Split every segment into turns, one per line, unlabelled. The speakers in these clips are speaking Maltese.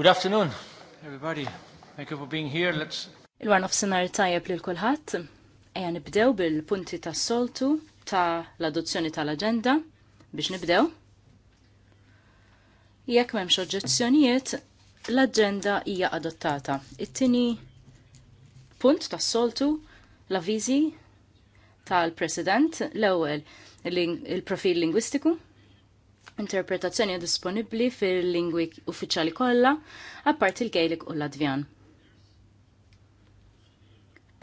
Good afternoon, everybody. Thank you for being here. Let's...
Il-warna f-sinar tajab li l-kulħat. Eja nibdew bil-punti ta' soltu ta' l-adozzjoni tal-agenda biex nibdew. Jekk memx oġġezzjonijiet, l-agenda hija adottata. It-tini punt ta' soltu l-avvizi tal-president l-ewel il-profil lingwistiku interpretazzjoni disponibbli fil-lingwi uffiċjali kollha, apparti il-Gaelic u l advjan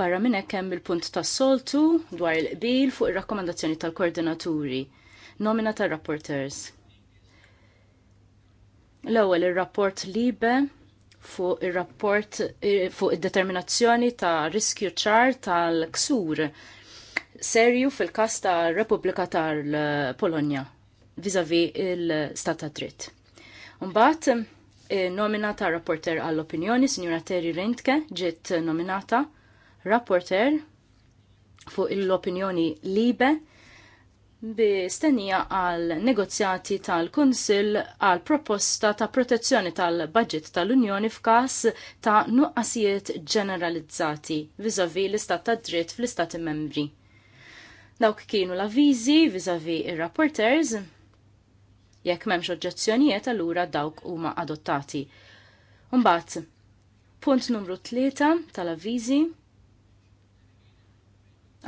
Barra minn hekk hemm il-punt tas-soltu dwar il-qbil fuq ir-rakkomandazzjoni tal-koordinaturi, nomina tar-rapporters. L-ewwel ir-rapport libe fuq ir-rapport eh, fuq id-determinazzjoni ta' riskju ċar tal-ksur serju fil-kas ta' Repubblika tal-Polonja vizavi il-stat ta' dritt. Umbat, eh, nominata rapporter għall-opinjoni, Signora Terry Rintke ġiet nominata rapporter fuq l-opinjoni libe bi stennija għal negozjati tal-Kunsil għal proposta ta' protezzjoni tal-budget tal-Unjoni f'każ ta' nuqqasijiet ġeneralizzati vizavi l-istat ta' dritt fl-istati membri. Dawk kienu l-avviżi vizavi ir-rapporters Jekk m'hemmx oġġezzjonijiet allura dawk huma adottati. Mbagħad punt numru 3 tal-avviżi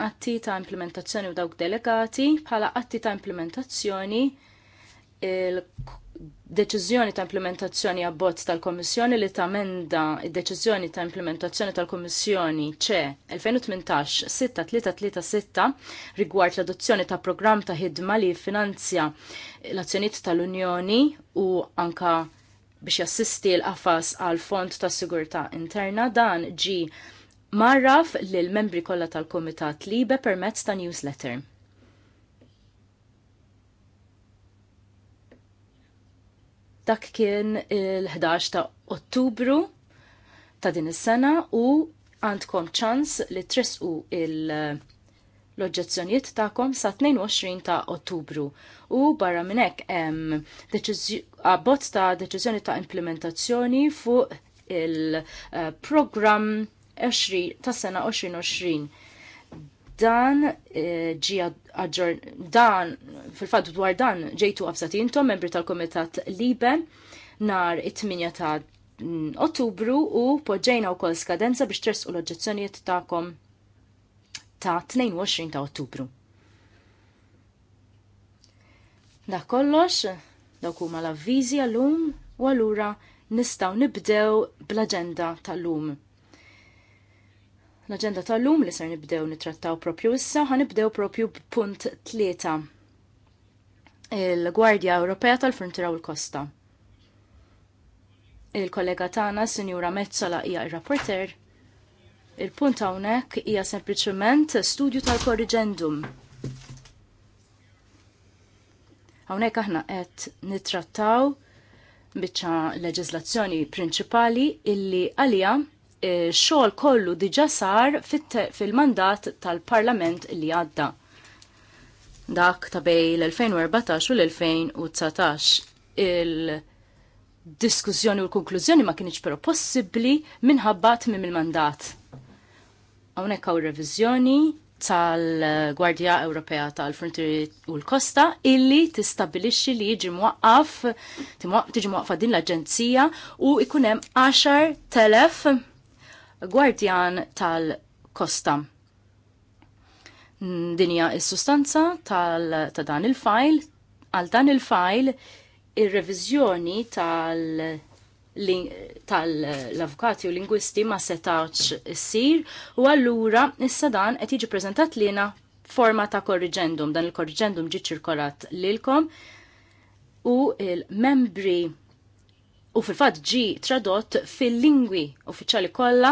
atti ta' implementazzjoni u dawk delegati bħala atti ta' implementazzjoni il deċiżjoni ta' implementazzjoni abbozz tal komissjoni li tamenda menda deċiżjoni ta' implementazzjoni tal komissjoni ċe 2018-6336 rigward l-adozzjoni ta' programm ta' ħidma li finanzja l-azzjoniet tal-Unjoni u anka biex jassisti l-qafas għal fond ta' sigurta interna dan ġi marraf l membri kollha tal-Komitat Libe permezz ta' newsletter. Dak kien il-11 ta' Ottubru ta' din is-sena u għandkom ċans li tresqu il- l-oġġezzjonijiet tagħkom sa 22 ta' Ottubru u barra minn hekk hemm abbozz ta' deċiżjoni ta' implementazzjoni fuq il-programm eh, ta' sena 2020 dan eh, ġi dan fil-fatt dwar dan ġejtu għabsati intom membri tal-Komitat Libe nar 8 ta' Ottubru u poġġejna wkoll skadenza biex tressqu l-oġġezzjonijiet tagħkom ta' 22 ta' Ottubru. Da kollox, dawk huma l-avviżi għallum u allura nistgħu nibdew bl-aġenda tal-lum. L-agenda tal-lum li ser nibdew nitrattaw propju issa, ħanibdew propju b'punt tlieta. Il-Gwardja Ewropea tal-Frontiera u l-Kosta. Il-kollega tagħna, Sinjura Mezzola, hija r rapporter Il-punt hawnhekk hija sempliċement studju tal-korriġendum Hawnhekk aħna qed nittrattaw biċċa leġislazzjoni prinċipali illi għalija xogħol kollu diġa sar fil-mandat tal-Parlament li għadda. Dak ta' bej l-2014 u l-2019 il-diskussjoni u l-konklużjoni ma kienx però possibbli minħabba tmim il-mandat. Hawnhekk hawn reviżjoni tal-Gwardja Ewropea tal-Frontieri u l-Kosta illi tistabilixxi li jiġi mwaqqaf tiġi mwaqqfa din l-Aġenzija u ikunem hemm 10,000 gwardjan tal-kosta. Mm, Dinja il sustanza ta' dan il-fajl, għal dan il-fajl ir-reviżjoni il tal- tal-avukati u lingwisti ma setax issir u allura issa dan qed jiġi preżentat lina forma ta' korriġendum. Dan il-korriġendum ġi ċirkolat lilkom u il-membri u fil-fatt ġi tradott fil-lingwi uffiċjali kollha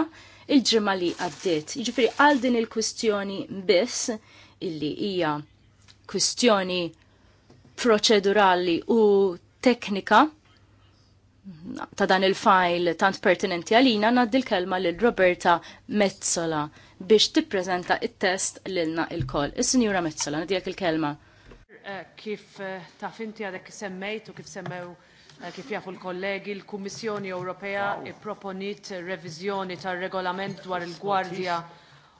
il-ġimgħa li għaddiet. Jiġifieri għal din il-kwistjoni biss illi hija kwistjoni proċedurali u teknika ta' dan il-fajl tant pertinenti għalina naddi l-kelma lil Roberta Mezzola biex tippreżenta it-test lilna il-koll. Is-Sinjura Mezzola, nadijak il-kelma.
Eh, kif eh, taf inti għadek semmejt u kif semmew Kif jafu l-kollegi, l-Kummissjoni Ewropea ipproponiet reviżjoni tar-regolament dwar il-Gwardja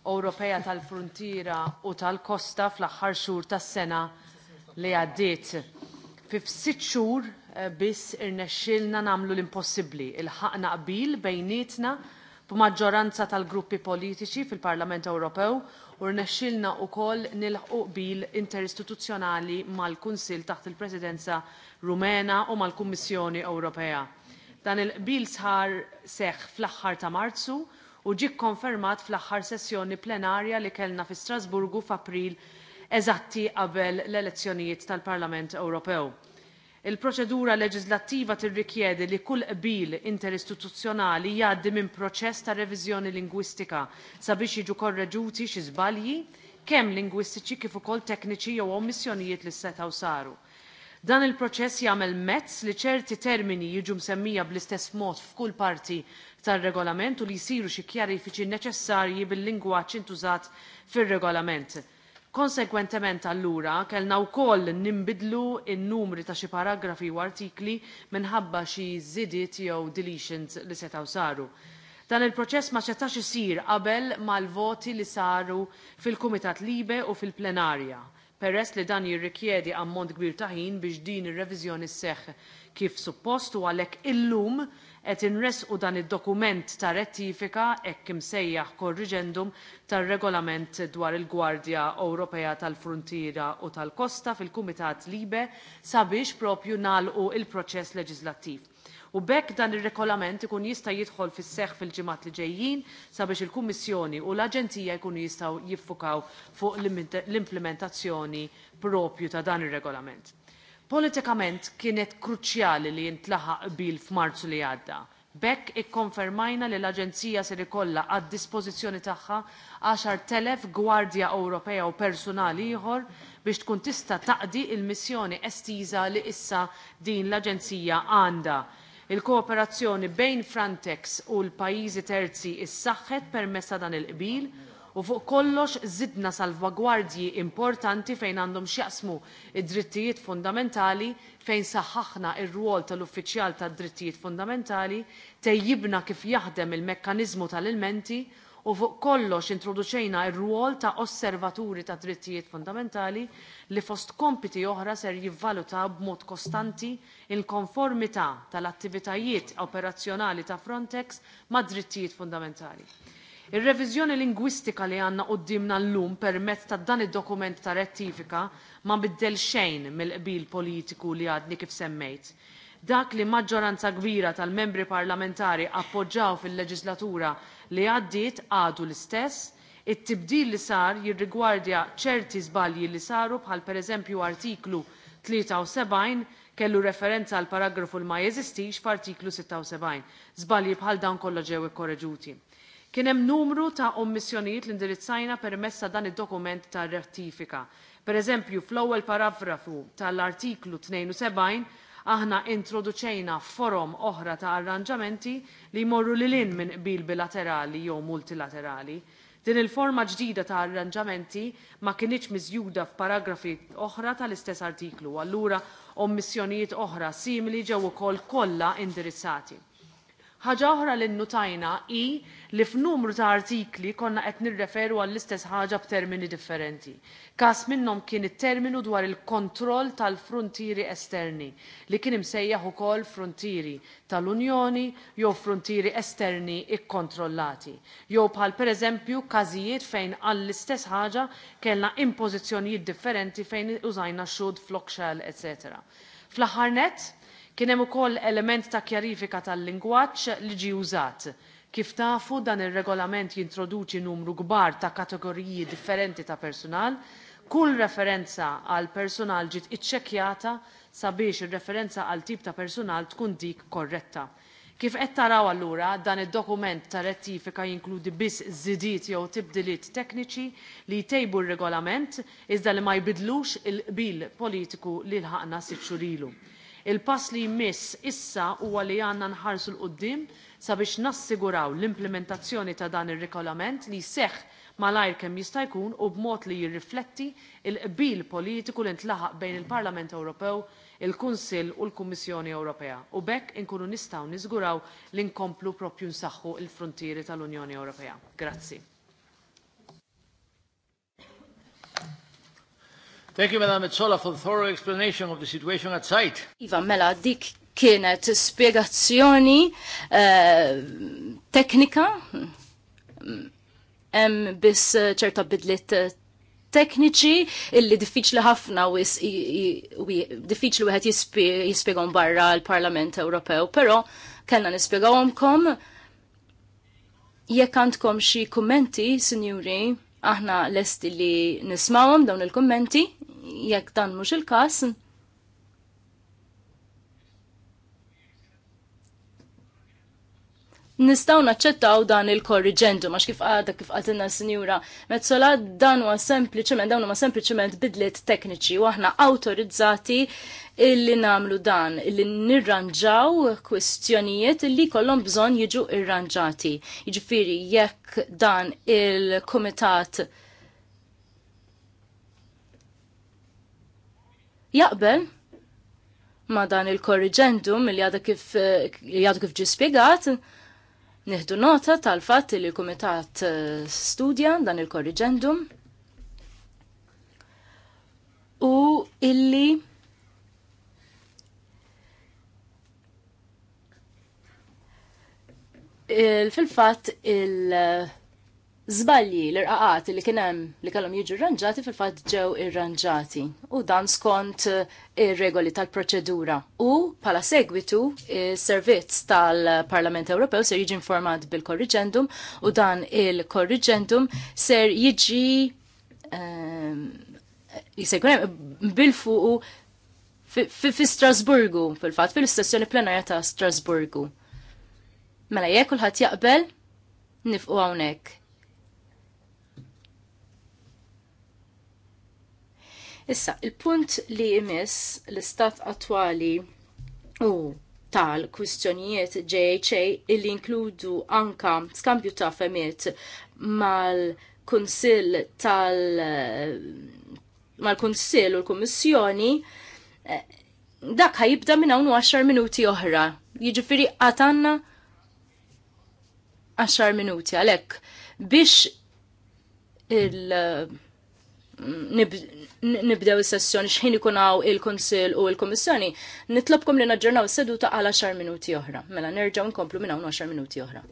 Ewropea tal frontiera u tal-Kosta fl-aħħar xhur tas-sena li għaddiet. Fi sitt xhur eh, biss irnexxilna nagħmlu l-impossibbli, il-ħaqna qbil bejnietna b'maġġoranza tal-gruppi politiċi fil-Parlament Ewropew u rnexxilna wkoll nilħqu qbil interistituzzjonali mal-Kunsill taħt il-Presidenza Rumena u mal-Kummissjoni Ewropea. Dan il-qbil sħar seħħ fl-aħħar ta' Marzu u ġie konfermat fl-aħħar sessjoni plenarja li kellna fi Strasburgu f'April eżatti qabel l-elezzjonijiet tal-Parlament Ewropew. Il-proċedura leġislattiva tirrikjedi li kull qbil interistituzzjonali jgħaddi minn proċess ta' reviżjoni lingwistika sabiex jiġu korreġuti xi żbalji kemm lingwistiċi kif ukoll tekniċi jew omissjonijiet li setgħu saru. Dan il-proċess jagħmel mezz li ċerti termini jiġu msemmija bl-istess mod f'kull parti tar-regolament u li jsiru xi kjarifiċi neċessarji bil-lingwaġġ intużat fir-regolament Konsekwentement allura kellna wkoll nimbidlu in-numri ta' xi paragrafi u artikli minħabba xi żidiet jew deletions li setgħu saru. Dan il-proċess ma setax isir qabel mal-voti li saru fil-Kumitat Libe u fil-Plenarja peress li dan jirrikjedi ammont kbir ta' ħin biex din ir-reviżjoni sseħħ kif suppost u għalhekk illum qed inresqu dan id-dokument ta' rettifika hekk imsejjaħ korriġendum tar-regolament dwar il-Gwardja Ewropea tal-Fruntiera u tal-Kosta fil-Kumitat Libe sabiex propju nagħlqu il-proċess leġislattiv. U bekk dan ir-regolament ikun jista' jidħol fis seħħ fil-ġimgħat li ġejjin sabiex il-Kummissjoni u l-Aġenzija jkunu jistgħu jiffukaw fuq l-implementazzjoni propju ta' dan ir-regolament. Politikament kienet kruċjali li jintlaħa bil f'Marzu li għadda. Bekk ikkonfermajna li l-Aġenzija ser ikollha għad dispożizzjoni tagħha 10,000 gwardja Ewropea u personali ieħor biex tkun tista' taqdi il-missjoni estiża li issa din l-Aġenzija għandha. Il-kooperazzjoni bejn Frontex u l-pajjiżi terzi issaħħet permessa dan il-qbil u fuq kollox zidna salvagwardji importanti fejn għandhom xjaqsmu id-drittijiet fundamentali fejn saħħaħna ir ruol tal-uffiċjal tad-drittijiet fundamentali tejjibna kif jaħdem il-mekkaniżmu tal-ilmenti u fuq kollox introduċejna r-ruol ta' osservaturi ta' drittijiet fundamentali li fost kompiti oħra ser jivvaluta b'mod kostanti il-konformità tal-attivitajiet operazzjonali ta' Frontex ma' drittijiet fundamentali. Ir-reviżjoni lingwistika li għandna qudiemna llum permezz ta' dan id-dokument ta' rettifika ma biddel xejn mill-qbil politiku li għadni kif semmejt. Dak li maġġoranza kbira tal-membri parlamentari appoġġaw fil-leġislatura li għaddiet għadu l-istess, it-tibdil li sar jirrigwardja ċerti żbalji li saru bħal pereżempju artiklu 73 kellu referenza għal paragrafu li ma jeżistix f'artiklu 76. Żbalji bħal dawn kollha ġew ikkoreġuti. Kien hemm numru ta' ommissjonijiet li indirizzajna permessa dan id-dokument ta' rettifika. Per eżempju, fl-ewwel paragrafu tal-artiklu 72 aħna introduċejna forom oħra ta' arranġamenti li jmorru li lin minn qbil bilaterali jew multilaterali. Din il-forma ġdida ta' arranġamenti ma kienieċ miżjuda f'paragrafi oħra tal-istess artiklu, allura ommissjonijiet oħra simili ġew ukoll kollha indirizzati. Ħaġa oħra li nnutajna i li f'numru ta' artikli konna qed nirreferu għall-istess ħaġa b'termini differenti. Kas minnhom kien it-terminu dwar il-kontroll tal-frontieri esterni li kien imsejjaħ ukoll frontieri tal-Unjoni jew frontieri esterni ikkontrollati. Jew bħal pereżempju każijiet fejn għall-istess ħaġa kellna impożizzjonijiet differenti fejn użajna xud flokxel, etc. Fl-aħħar net, Kien hemm ukoll element ta' kjarifika tal-lingwaġġ li ġie użat. Kif tafu dan ir-regolament jintroduċi numru kbar ta' kategoriji differenti ta' personal, kull referenza għal personal ġiet iċċekkjata sabiex ir-referenza għal tip ta' personal tkun dik korretta. Kif qed taraw allura dan id-dokument ta' rettifika jinkludi biss żidiet jew tibdiliet tekniċi li jtejbu r-regolament iżda li ma jbidlux il-qbil politiku li lħaqna sitt xurilu. Il-pass li jmiss issa huwa li għandna nħarsu l-qoddim sabiex nassiguraw l-implementazzjoni ta' dan ir-regolament li seħħ malajr kemm jista' jkun u b'mod li jirrifletti il-qbil politiku li ntlaħaq bejn il-Parlament Ewropew, il-Kunsill u l-Kummissjoni Ewropea. U bekk inkunu nistgħu niżguraw li nkomplu propju nsaħħu il-frontieri tal-Unjoni Ewropea. Grazzi. Thank you, Madam Metzola, for the thorough explanation of the
situation at site. Iva, mela, dik kienet spiegazzjoni uh, teknika, hemm biss ċerta bidliet tekniċi illi diffiċli ħafna u diffiċli wieħed jispiegħom barra l-Parlament Ewropew, però kellna nispjegawhomkom jekk għandkom xi kummenti, sinjuri, Aħna lesti li nismawhom dawn il-kummenti, jekk dan mhux il-każ, nistaw naċċettaw dan il-korriġendu, għax kif għada kif għatilna s-sinjura. Mezzola dan huwa sempliċement, dawn huma sempliċement bidliet tekniċi u aħna autorizzati illi namlu dan, illi nirranġaw kwestjonijiet illi kollom bżonn jiġu irranġati. Jiġifieri jekk dan il-kumitat jaqbel ma dan il-korriġendum illi għadha kif ġispiegat, spjegat, Neħdu nota tal-fatt li l-Kumitat eh, studja dan il-korriġendum u illi il fil-fatt il-, -fil Zbalji l-irqaqat li kien hemm li kellhom jiġu rranġati fil-fatt ġew irranġati u dan skont eh, ir-regoli tal-proċedura. U pala segwitu is-servizz eh, tal-Parlament Ewropew ser jiġi informat bil-korriġendum u dan il-korriġendum ser jiġi ehm, jisegwem bil-fuqu fi Strasburgu fil-fatt fil-istazzjoni plenarja ta' Strasburgu. Mela jekk kulħadd jaqbel nifqu hawnhekk Issa, il-punt li jmiss l-istat attwali u tal-kwistjonijiet JHA illi inkludu anka skambju ta' femiet mal-Kunsill tal- mal-Kunsill u l-Kummissjoni eh, dak ħajibda minn hawn 10 minuti oħra. Jiġifieri għatanna 10 minuti għalhekk biex il- nibdew is-sessjoni xħin ikunaw il-Konsil u il-Komissjoni, nitlobkom li naġġornaw s-seduta għal 10 minuti oħra. Mela nerġaw nkomplu minn hawn 10 minuti oħra.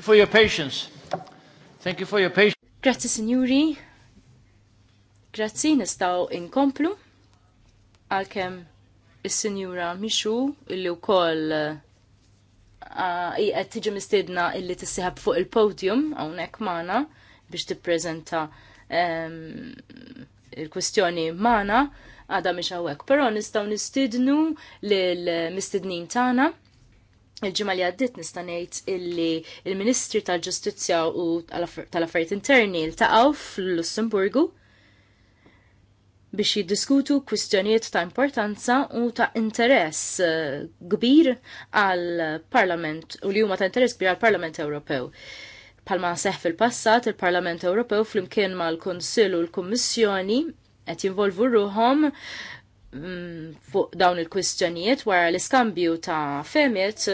for your patience. Thank you for your patience.
Grazzi signori. Grazie, nistaw inkomplu għalkem il-sinjura Mishu illi u koll għed ah, tiġi mistedna illi tissiħab fuq il-podium għawnek maħna biex tippreżenta ehm, il-kwestjoni maħna għada miex għawek. Pero nistaw nistidnu l-mistednin tana il ġimali li għaddit nistanejt illi il-Ministri tal-Ġustizzja u tal-Affarijiet Interni l-taqaw fl-Lussemburgu biex jiddiskutu kwistjonijiet ta' importanza u ta' interess eh, kbir għal Parlament u li huma ta' interess kbir għal Parlament Ewropew. Palma seħ fil-passat, il-Parlament Ewropew flimkien mal konsil u l-Kummissjoni qed jinvolvu ruhom mm, fuq dawn il-kwistjonijiet wara l-iskambju ta' femiet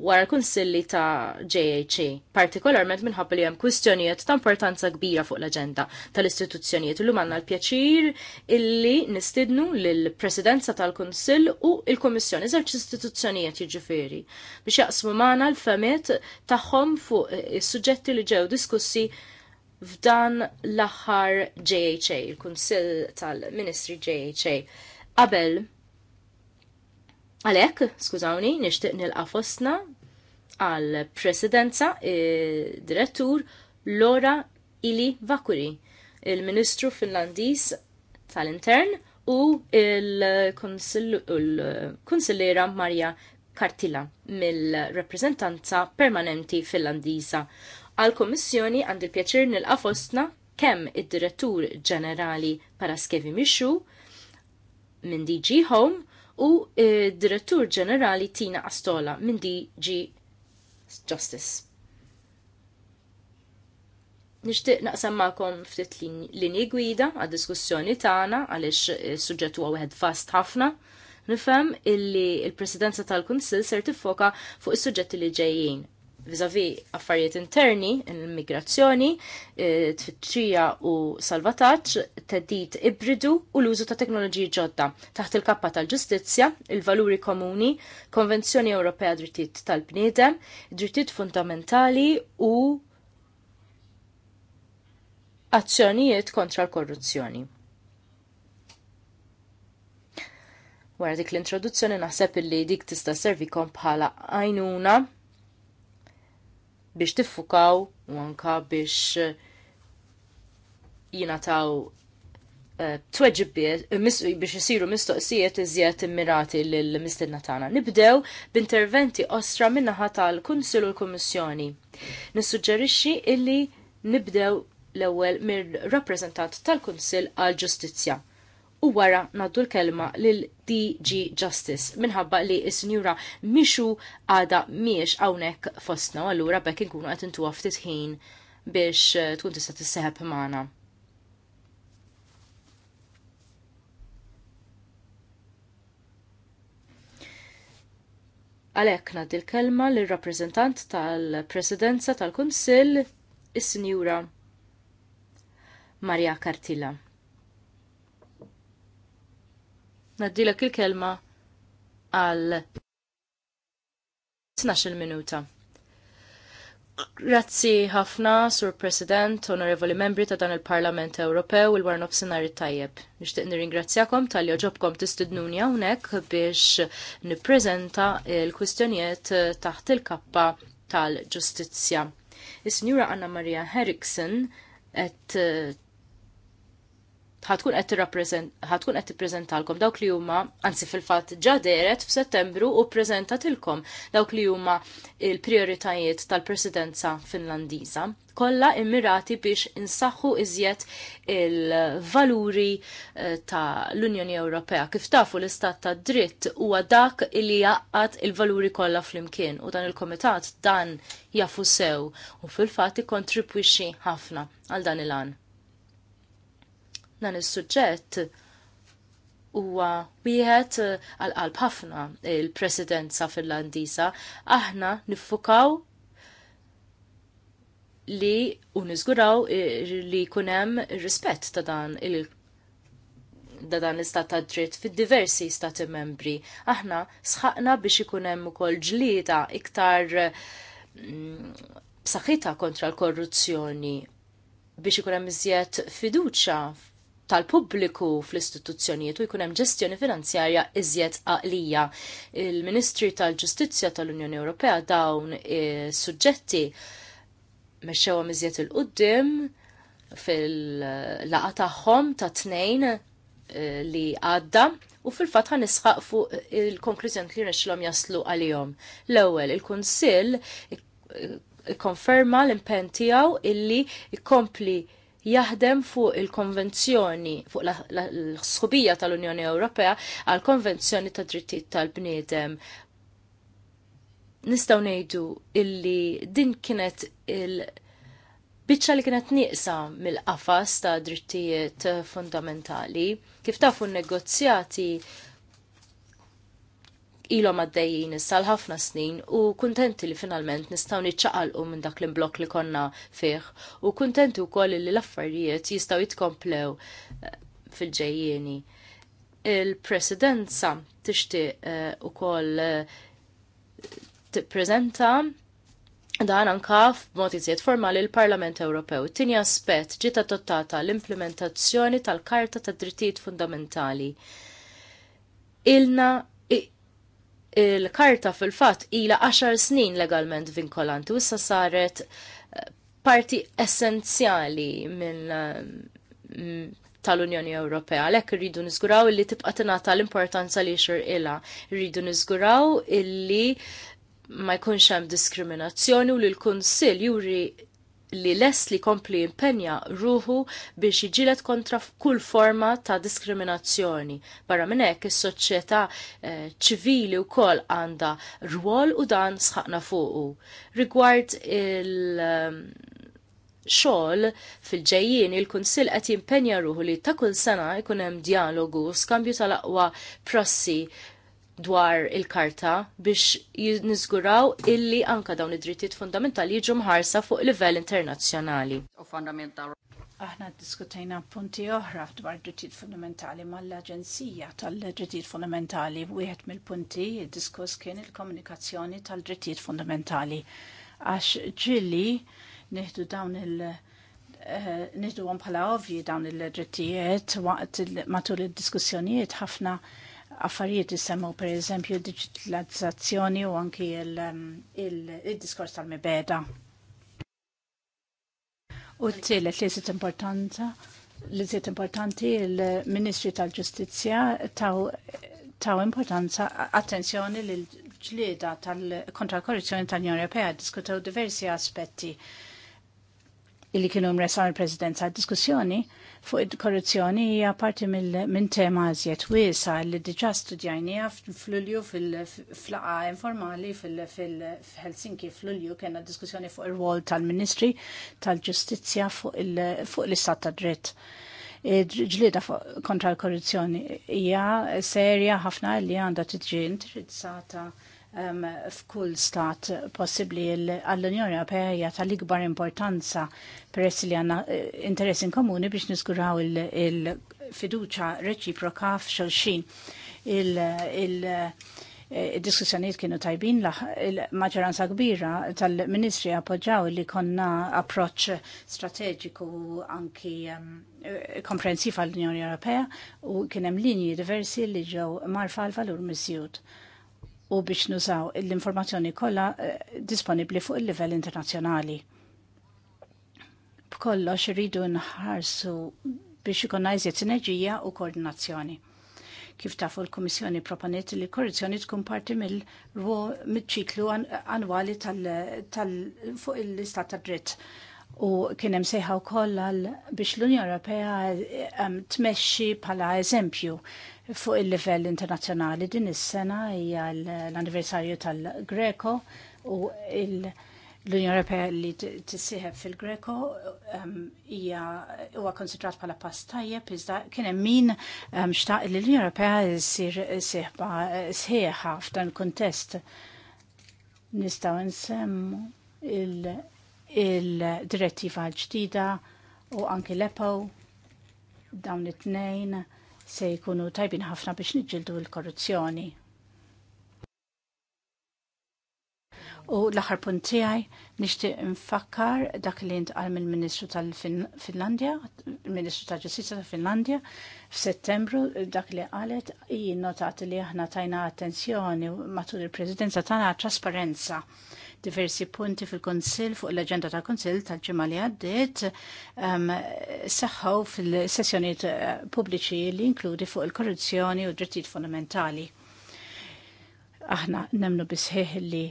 wara l-Kunsilli ta' JHA, partikolarment minħabba li hemm kwistjonijiet ta' importanza kbira fuq l-aġenda tal-istituzzjonijiet illum għandna l-pjaċir illi nistidnu lill-Presidenza tal-Kunsill u l-Kummissjoni żewġ istituzzjonijiet jiġifieri biex jaqsmu magħna l-femiet tagħhom fuq is-suġġetti li ġew diskussi f'dan l-aħħar JHA, il-Kunsill tal-Ministri JHA. Qabel Għalek, skużawni, nishtiq nilqa fostna għal presidenza e, direttur Lora Ili Vakuri, il-Ministru Finlandis tal-Intern u il-Konsillera Marja Kartila mill-Rappresentanza Permanenti Finlandisa. Għal-Komissjoni għandi pjaċir nilqa fostna kemm id-Direttur Ġenerali Paraskevi Mixu minn DG Home u eh, direttur ġenerali Tina Astola minn DG Justice. Nixtieq naqsam ftit linji gwida għad-diskussjoni tagħna għaliex is-suġġett eh, huwa wieħed fast ħafna nifhem illi l-Presidenza tal-Kunsill ser tiffoka fuq is-suġġetti li ġejjin vizavi affarijiet interni, l-immigrazzjoni, eh, tfittxija u salvataċ, teddit ibridu u l-użu ta' teknoloġiji ġodda. Taħt il-kappa tal-ġustizzja, il-valuri komuni, Konvenzjoni Ewropea Drittijiet tal-Bniedem, drittijiet fundamentali u azzjonijiet kontra l-korruzzjoni. Wara dik l-introduzzjoni naħseb illi dik tista' servikom bħala għajnuna biex tiffukaw u anka biex eh, jinataw eh, tweġibiet eh, biex isiru mistoqsijiet iżjed immirati lill-mistinna tagħna. Nibdew b'interventi ostra min-naħa tal-Kunsil u l-Kummissjoni. Nissuġġerixxi illi nibdew l-ewwel mir rappreżentant tal-Kunsil għall ġustizzja u wara naddu l-kelma lil DG Justice minħabba li s-sinjura mixu għada miex għawnek fostna u għallura bekk inkunu għet intu ftit ħin biex eh, tkun tista' t-seħab maħna. Għalhekk ngħaddi l-kelma lir-rappreżentant tal-Presidenza tal-Kunsill, is-Sinjura Maria Cartilla. Naddilek il-kelma għal 12 minuta. Grazzi ħafna, Sur President, Onorevoli Membri ta' dan il-Parlament Ewropew il warnof of Sinari Tajjeb. Nishtiq nirringrazzjakom tal-li oġobkom tistidnuni hawnhekk biex nippreżenta l-kwistjonijiet taħt il-kappa tal-ġustizzja. Is-Sinjura Anna Maria Heriksen qed ħatkun qed ħatkun qed tippreżentalkom dawk li huma anzi fil-fatt ġa deret f'Settembru u ppreżentatilkom dawk li huma l prijoritajiet tal-Presidenza Finlandiża kollha immirati biex insaħħu iżjed il-valuri eh, ta' l-Unjoni Ewropea. Kif tafu l-istat ta' dritt huwa dak li jaqgħad il-valuri kollha flimkien u dan il-komitat dan jafu sew u fil-fatt ikkontribwixxi ħafna għal dan il-għan dan is-suġġett huwa wieħed eh, għal qalb ħafna il-presidenza Finlandiża, aħna niffukaw li u niżguraw eh, li jkun hemm rispett ta' dan il da dan l-istat ta' dritt fid diversi stati membri. Aħna sħaqna biex ikun hemm ukoll ġlieda iktar mm, b'saħħitha kontra l-korruzzjoni biex ikun hemm iżjed fiduċja tal-pubbliku fl-istituzzjonijiet u jkun hemm ġestjoni finanzjarja iżjed għaqlija. Il-Ministri tal-Ġustizzja tal-Unjoni Ewropea dawn suġġetti mexxewhom iżjed il-qudiem fil-laqa tagħhom ta' tnejn eh, li għadda u fil-fatt nisħaq fuq il-konklużjoni li rnexxilhom jaslu għalihom. L-ewwel il-Kunsill eh, konferma l impenn tiegħu illi jkompli jaħdem fuq il-konvenzjoni, fuq l-sħubija tal-Unjoni Ewropea għal konvenzjoni ta' drittijiet tal-bniedem. Nistaw nejdu illi din kienet il- Bicċa li kienet nieqsa mill-qafas ta' drittijiet fundamentali, kif tafu n negozjati ilhom għaddejjin issa ħafna snin u kuntenti li finalment nistgħu niċċaqalqu minn dak l-imblok li konna fih u kuntenti wkoll li l-affarijiet jistgħu jitkomplew eh, fil-ġejjieni. Il-presidenza tixtieq eh, ukoll eh, tippreżenta dan anka f'mod iżjed formali l-Parlament Ewropew. Tini aspett ġiet adottata l-implementazzjoni tal-Karta tad Drittijiet Fundamentali. Ilna il-karta fil-fat ila 10 snin legalment vinkolanti u saret eh, parti essenzjali minn eh, tal-Unjoni Ewropea. Lekk irridu niżguraw illi tibqa' tingħata l-importanza li xur ilha. rridu niżguraw illi ma jkunx hemm diskriminazzjoni u li l-Kunsill juri li lest li kompli impenja ruħu biex iġilet kontra kull forma ta' diskriminazzjoni. Barra minn hekk is-soċjetà eh, ċivili wkoll għandha rwol u dan sħaqna fuqu. Rigward il- ehm, xogħol fil-ġejjien il-Kunsill qed jimpenja ruħu li ta' kull sena jkun hemm dialogu u skambju tal-aqwa prossi dwar il-karta biex nizguraw illi anka dawn id-drittijiet fundamentali jiġu mħarsa fuq livell internazzjonali.
Aħna diskutejna punti oħra dwar drittijiet fundamentali mal-Aġenzija tal-Drittijiet Fundamentali wieħed mill-punti diskuss kien il-komunikazzjoni tal-drittijiet fundamentali. Għax ġilli neħdu dawn il- eh, Nihdu għom bħala ovvi dawn il-drittijiet waqt matul il-diskussjonijiet ħafna affarijiet jisemmu per eżempju digitalizzazzjoni u anki um, il-diskors tal-mibeda. U t-tielet li jisit importanza li jisit importanti il-Ministri tal-Ġustizzja taw, importanza attenzjoni lil ġlieda tal-kontra korruzzjoni tal-Unjoni Ewropea diskutaw diversi aspetti li kienu mresaw il-Presidenza diskussjoni fuq id-korruzzjoni hija parti minn tema għażjed wiesa li diġà studjajnija f'Lulju fil-flaqa informali fil-Helsinki f'Lulju kena diskussjoni fuq ir-wol tal-Ministri tal-Ġustizzja fuq l-istat ta' dritt. Ġlida kontra l-korruzzjoni hija serja ħafna li għandha tiġi indirizzata um, f'kull stat possibbli għall-Unjoni Ewropea tal-ikbar importanza peress li għanna eh, interess in komuni biex niskuraw il-fiduċa il reċiproka f'xulxin. Il, il, eh, diskussjoniet kienu tajbin il-maġġoranza kbira tal-Ministri appoġġaw li konna approċ strateġiku anki um, eh, komprensiv għall-Unjoni Ewropea u kien hemm linji diversi li ġew marfa l-valur misjut u biex nużaw l-informazzjoni kollha eh, disponibbli fuq il-livell internazzjonali. B'kollox irridu nħarsu biex ikonna jżiet sinerġija u koordinazzjoni kif tafu l-Komissjoni proponiet li korruzzjoni tkun parti mill-ċiklu annwali fuq l-istat ta' dritt. U kien hemm sejħa wkoll biex l-Unjoni Ewropea eh, tmexxi bħala eżempju fuq il-livell internazzjonali din is-sena hija l-anniversarju tal-Greco u l-Unjoni Ewropea li tissieħeb fil-Greco um, hija huwa konsidrat bħala pass tajjeb iżda kien hemm min um, xtaq li l-Unjoni Ewropea ssir sieħba sħiħa f'dan kuntest nistgħu nsemmu il-direttiva l-ġdida u anki l-EPO dawn it-tnejn se jkunu tajbin ħafna biex nġildu l-korruzzjoni. U l-aħħar punt tiegħi nixtieq nfakkar dak li ntqal mill-Ministru tal-Finlandja, il-Ministru tal-Ġustizja tal-Finlandja f'Settembru dak li qalet hi notat li aħna tajna attenzjoni matul il-Presidenza tagħna trasparenza diversi punti fil-Konsil fuq l-agenda tal konsil tal-ġimma li għaddit um, saħħaw fil-sessjoniet uh, pubbliċi li inkludi fuq il-korruzzjoni u drittijiet fondamentali. Aħna nemnu bisħeħ li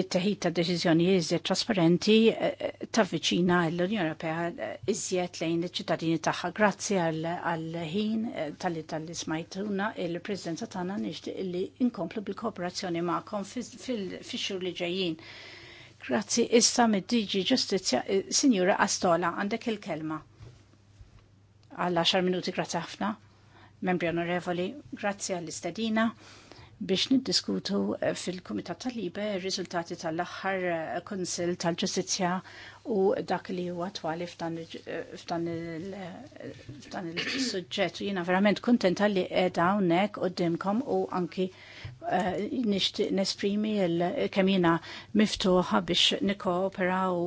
it-teħid ta' deċiżjoni iżjed trasparenti eh, ta' viċina l-Unjoni Ewropea eh, iżjed lejn iċ-ċittadini tagħha. Grazzi għall-ħin eh, tal-li tal ismajtuna smajtuna il-Presidenza tagħna nixtieq li inkomplu bil-kooperazzjoni magħkom fix-xhur li ġejjin. Grazzi issa mid-Diġi Ġustizzja, Sinjura Astola, għandek il-kelma. Għal 10 minuti grazzi ħafna, membri onorevoli, grazzi għall-istedina biex niddiskutu eh, fil-Kumitat tal-Libe rizultati riżultati tal-aħħar eh, Kunsil tal-Ġustizzja u dak li huwa twali eh, f'dan il-suġġett. Jiena verament kuntenta li qiegħda u dimkom u anki nixtieq nesprimi l kemina miftuħa biex nikkoopera u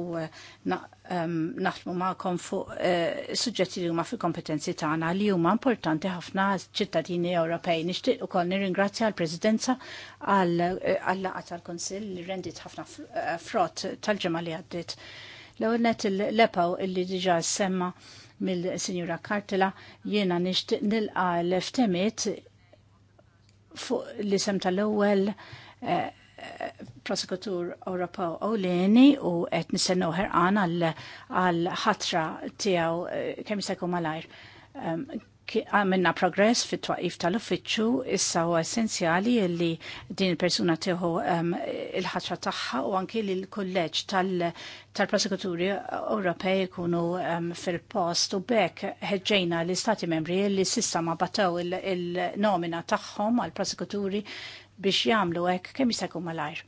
um, naħdmu ma'kom fuq uh, suġġetti li huma fil-kompetenzi tagħna li huma importanti ħafna ċittadini Ewropej. Nixtieq ukoll nirringrazzja l-Presidenza eh, għall-laqgħa tal-Kunsill li rendit ħafna eh, frott tal-ġimgħa li għaddiet. L-ewwel net l-epaw illi diġà semma mill-Sinjura Kartela jiena nixtieq nilqa l-ftemiet fuq li sem tal-ewwel uh, prosekutur Ewropew Ewleni u qed nisennu ħerqan għal ħatra tiegħu eh, kemm jsekum malajr. Għamilna progress fit twaqif tal-uffiċċju issa huwa essenzjali li din il-persuna tiħu il-ħatra tagħha u anki li l-kulleġġ tal-prosekuturi Ewropej kunu fil-post u bekk ħeġġejna l-istati membri li sissa ma batew il-nomina tagħhom għal prosekuturi biex jagħmlu hekk kemm jista' malajr.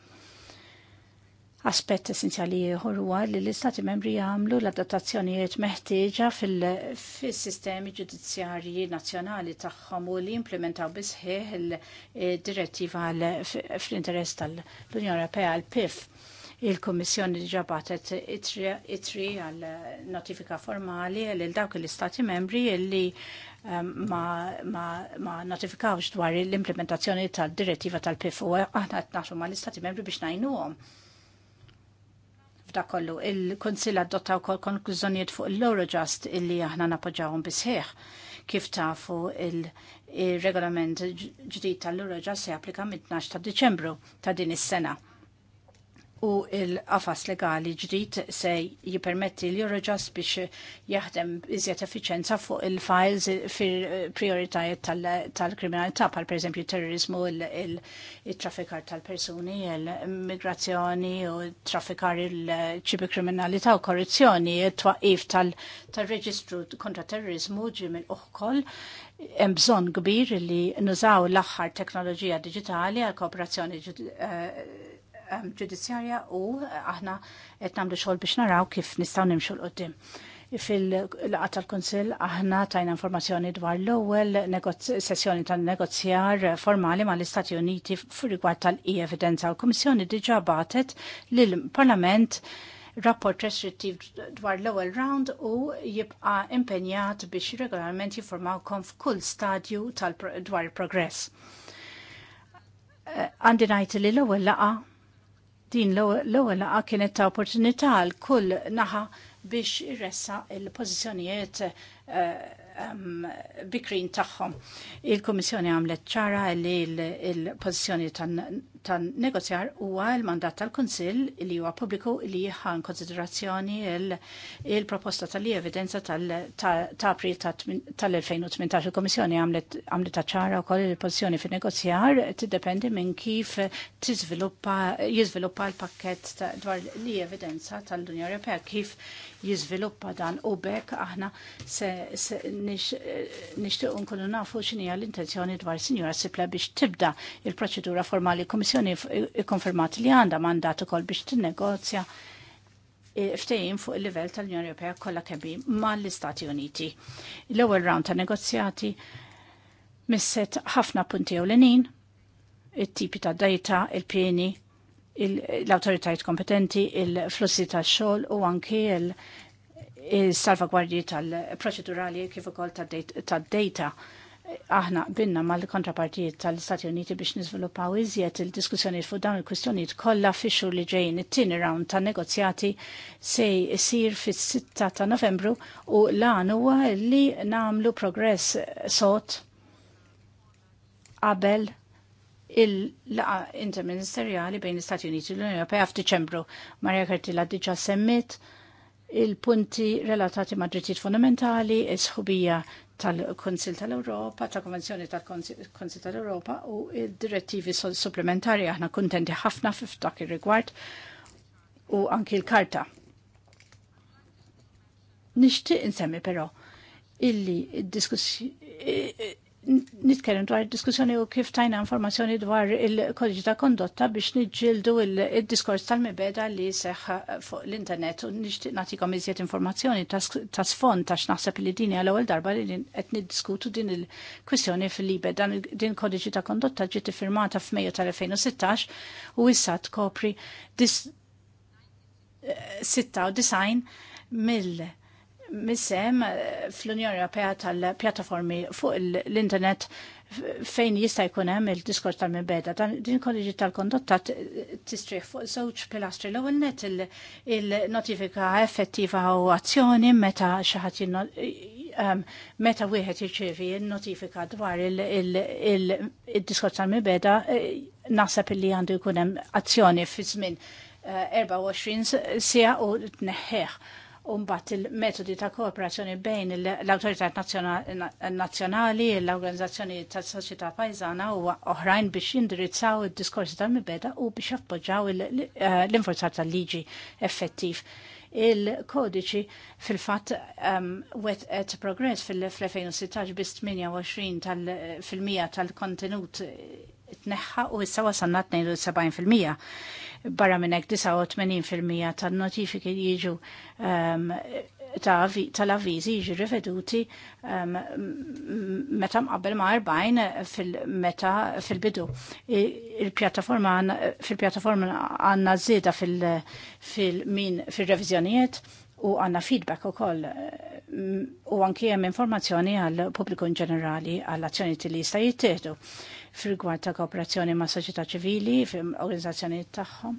Aspett essenzjali ieħor huwa li l-Istati membri jagħmlu l-adattazzjonijiet meħtieġa fil-sistemi ġudizzjarji nazzjonali tagħhom u li jimplementaw bisħieħ il-direttiva fl-interess tal-Unjoni Ewropea l pif Il-Kummissjoni diġà batet itri għal notifika formali għal dawk l-Istati membri li ma notifikawx dwar l-implementazzjoni tal-direttiva tal-PIF u aħna qed ma mal-istati membri biex għom. F'da kollu il-Kunsill adotta wkoll konklużjonijiet fuq l-Eurojust illi aħna napoġġawhom bisħieħ kif tafu il-regolament ġdid tal-Eurojust se applika mid-12 ta' Diċembru ta' din is-sena u il-qafas legali ġdid se jipermetti l Eurojust biex jaħdem iżjed effiċenza fuq il-files fil-prioritajiet tal-kriminalità, pal per eżempju terrorizmu, il-traffikar tal-persuni, il-migrazzjoni u traffikar il ċibi kriminalità u korruzzjoni, il-twaqif tal-reġistru kontra terrorizmu ġim il-uħkoll hemm bżonn kbir li nużaw l-aħħar teknoloġija diġitali għal kooperazzjoni eh, Um, ġudizzjarja u eh, aħna qed nagħmlu xogħol biex naraw kif nistgħu nimxu l qoddim fil-laqa tal-Konsil aħna tajna informazzjoni dwar l-ewwel sessjoni tan-negozjar formali mal-Istati Uniti rigward tal-e-evidenza. L-Kummissjoni diġà batet lill-Parlament rapport restrittiv dwar l-ewwel round u jibqa' impenjat biex regolarment konf f'kull stadju dwar il-progress. Eh, għandi ngħid li l-ewwel laqa' Din l-ewwel laqgħa kienet ta' opportunità għal kull naħa biex irressa il-pożizzjonijiet eh, bikrin tagħhom. Il-Kummissjoni għamlet ċara li l-pożizzjoni tan tan-negozjar huwa l-mandat tal-Kunsill li huwa pubbliku li jħan konsiderazzjoni il-proposta tal-evidenza tal april tal-2018. Il-Komissjoni għamlet ċara wkoll il-pożizzjoni fin-negozjar tiddependi minn kif jiżviluppa l-pakket dwar li evidenza tal-Unjoni Ewropea kif jiżviluppa dan u bekk aħna se nixtiequ nkunu nafu x'inhi l-intenzjoni dwar Sinjora Sipla biex tibda il-proċedura formali Komissjoni il-Kummissjoni ikkonfermat li għandha mandat ukoll biex tinnegozja ftehim fuq il-livell tal-Unjoni Ewropea kollha kemm mal-Istati Uniti. L-ewwel round ta' negozjati misset ħafna punti ewlenin, it-tipi ta' data, il-pieni, l autoritajt kompetenti, il-flussi tax-xogħol u anke il-salvagwardji tal-proċedurali kif ukoll tad-data aħna binna mal-kontrapartijiet tal-Istati Uniti biex niżviluppaw iżjed il-diskussjoni fuq dawn il-kwistjonijiet kollha fixu li ġejjin it-tieni round ta' negozjati se jsir fis-6 ta' Novembru u lan huwa li nagħmlu progress sot qabel il-laqa interministerjali bejn l-Istati Uniti u l-Unjoni Ewropea f'Diċembru. Marja Kertila diġà semmit il-punti relatati ma' drittijiet fundamentali, is-ħubija tal-Konsil tal-Europa, tal-Konvenzjoni tal-Konsil tal-Europa u id-direttivi supplementari aħna kuntenti ħafna f'dak ir-rigward u anki l-karta. Nixtieq insemmi però illi id-diskussjoni nitkellem dwar diskussjoni u kif tajna informazzjoni dwar il-kodiġi ta' kondotta biex nġildu il-diskors tal-mibeda li seħ fuq l-internet u nixtieq nagħtikom iżjed informazzjoni ta' sfond ta' x'naħseb li dini għal ewwel darba li qed niddiskutu din il-kwistjoni fil-libe dan din kodiċi ta' kondotta ġiet iffirmata f'Mejju tal-2016 u issa tkopri 96 eh, mill- Missem eh, fl-Unjoni Ewropea tal-pjattaformi fuq l-internet fejn jista' jkun hemm il-diskors tal-mibeda. Din kolleġi tal-kondotta tistrih fuq żewġ pilastri l-ewwel net il-notifika effettiva u azzjoni meta xi ħadd ehm, meta wieħed jirċievi n-notifika dwar il-diskors tal-mibeda eh, naħseb illi għandu jkun hemm azzjoni fi żmien 24 eh, sija u tneħħeħ u mbagħad il-metodi ta' kooperazzjoni bejn l-awtoritat nazzjonali, l-organizzazzjoni tas soċjetà Pajzana u oħrajn biex jindirizzaw id-diskorsi tal-mibeda u biex jappoġġaw eh, l-infurzat tal-liġi effettiv il-kodiċi fil-fat ehm, wet et progress fil-2016 bis 28 tal-fil-mija tal-kontenut tneħħa u issa wasalna 72%. Barra minn hekk 89% tan-notifiki jiġu um, tal-avviżi jiġu riveduti um, meta mqabbel ma' 40 fil-meta fil-bidu. Il-pjattaforma fil-pjattaforma għandna żieda fil-min fil-reviżjonijiet u għanna feedback mm, u koll u għanki hemm informazzjoni għal pubbliku ġenerali għall azzjoni li jista' jittieħdu fil ta' kooperazzjoni ma' soċjetà ċivili, organizzazzjoni tagħhom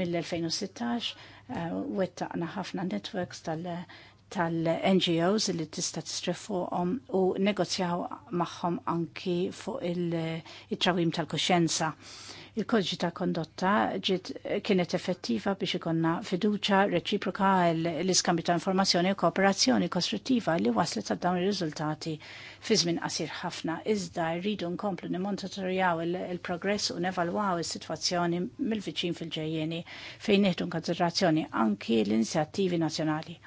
mill-2016, eh, wettaqna ħafna networks tal-NGOs li tista' tistref fuqhom u negozjaw magħhom anki fuq il-ċawim tal-kuxjenza Il-kodġi ta' kondotta ġiet kienet effettiva biex ikonna fiduċa reċiproka l-iskambju ta' informazzjoni u kooperazzjoni kostruttiva li waslet ta' dawn ir-riżultati fi żmien qasir ħafna. Iżda rridu nkomplu nimmonitorjaw il-progress u nevalwaw is-sitwazzjoni mill-viċin fil-ġejjeni fejn nieħdu konsiderazzjoni anki l-inizjattivi nazzjonali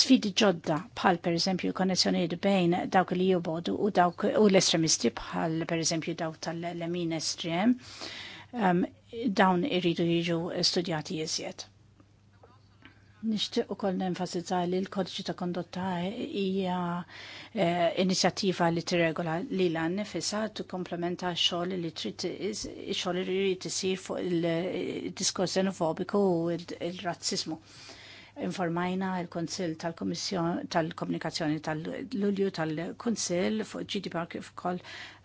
sfidi ġodda bħal per eżempju konnessjonijiet bejn dawk li jobodu u dawk u l-estremisti bħal per eżempju dawk tal-lemin estrem um, dawn irridu jiġu studjati jizjed. Nishtiq u koll nenfasizza li l-kodġi ta' kondotta hija eh, inizjattiva li tirregola li l-għan nifisa tu komplementa xogħol li trid xogħol li trid isir fuq il-diskors xenofobiku u il-razzismu. il, il razzismu informajna il-Konsil tal-Komunikazzjoni tal-Lulju tal-Konsil fuq GDPR kif ukoll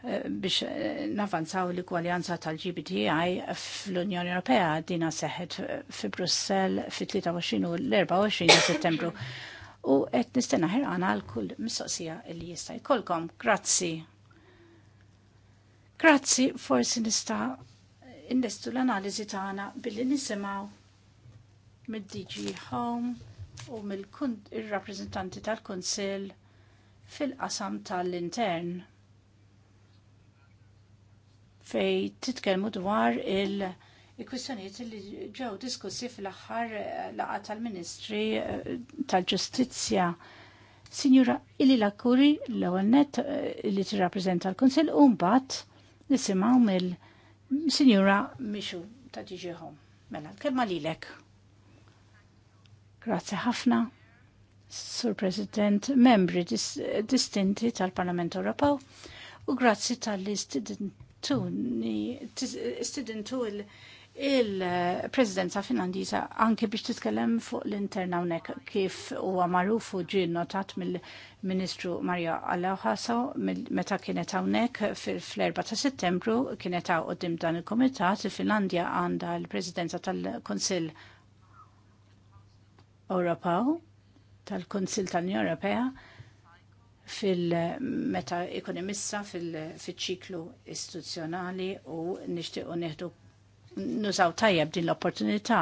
eh, biex eh, navanzaw l-igwaljanza tal-GBTI fl-Unjoni Ewropea dina seħet eh, fi Brussel fit-23 u l-24 settembru. U qed nistenna ħirqana għal kull mistoqsija li jista' jkollkom. Grazzi. Grazzi, forsi nista' innestu l-analiżi tagħna billi nisimgħu mid-DG Home u mill-rappresentanti tal-Kunsill fil-qasam tal-intern fej titkellmu dwar il- kwistjonijiet kwistjoniet li ġew diskussi fl-aħħar eh, laqgħa tal-Ministri eh, tal-Ġustizzja. Sinjura Ili Lakuri l-ewwel nett eh, li tirrappreżenta l-Kunsill u mbagħad nisimgħu mill-Sinjura Mixu ta' Home. Mela, kelma lilek. Grazie ħafna, Sur President, membri dis distinti tal-Parlament Ewropew, u grazzi tal-li istidintu il- il-Presidenza anke biex titkellem fuq l-interna hawnhekk kif huwa magħruf u ġie notat mill-Ministru Marja Alawħaso meta kienet hawnhekk fil-4 ta' Settembru kienet hawn qudiem dan il-Kumitat il-Finlandja għandha l-Presidenza tal-Kunsill Ewropew tal-Kunsil tal-Unjoni Ewropea fil-meta ikun imissa fil-ċiklu istituzzjonali u nixtiequ neħdu nużaw tajjeb din l-opportunità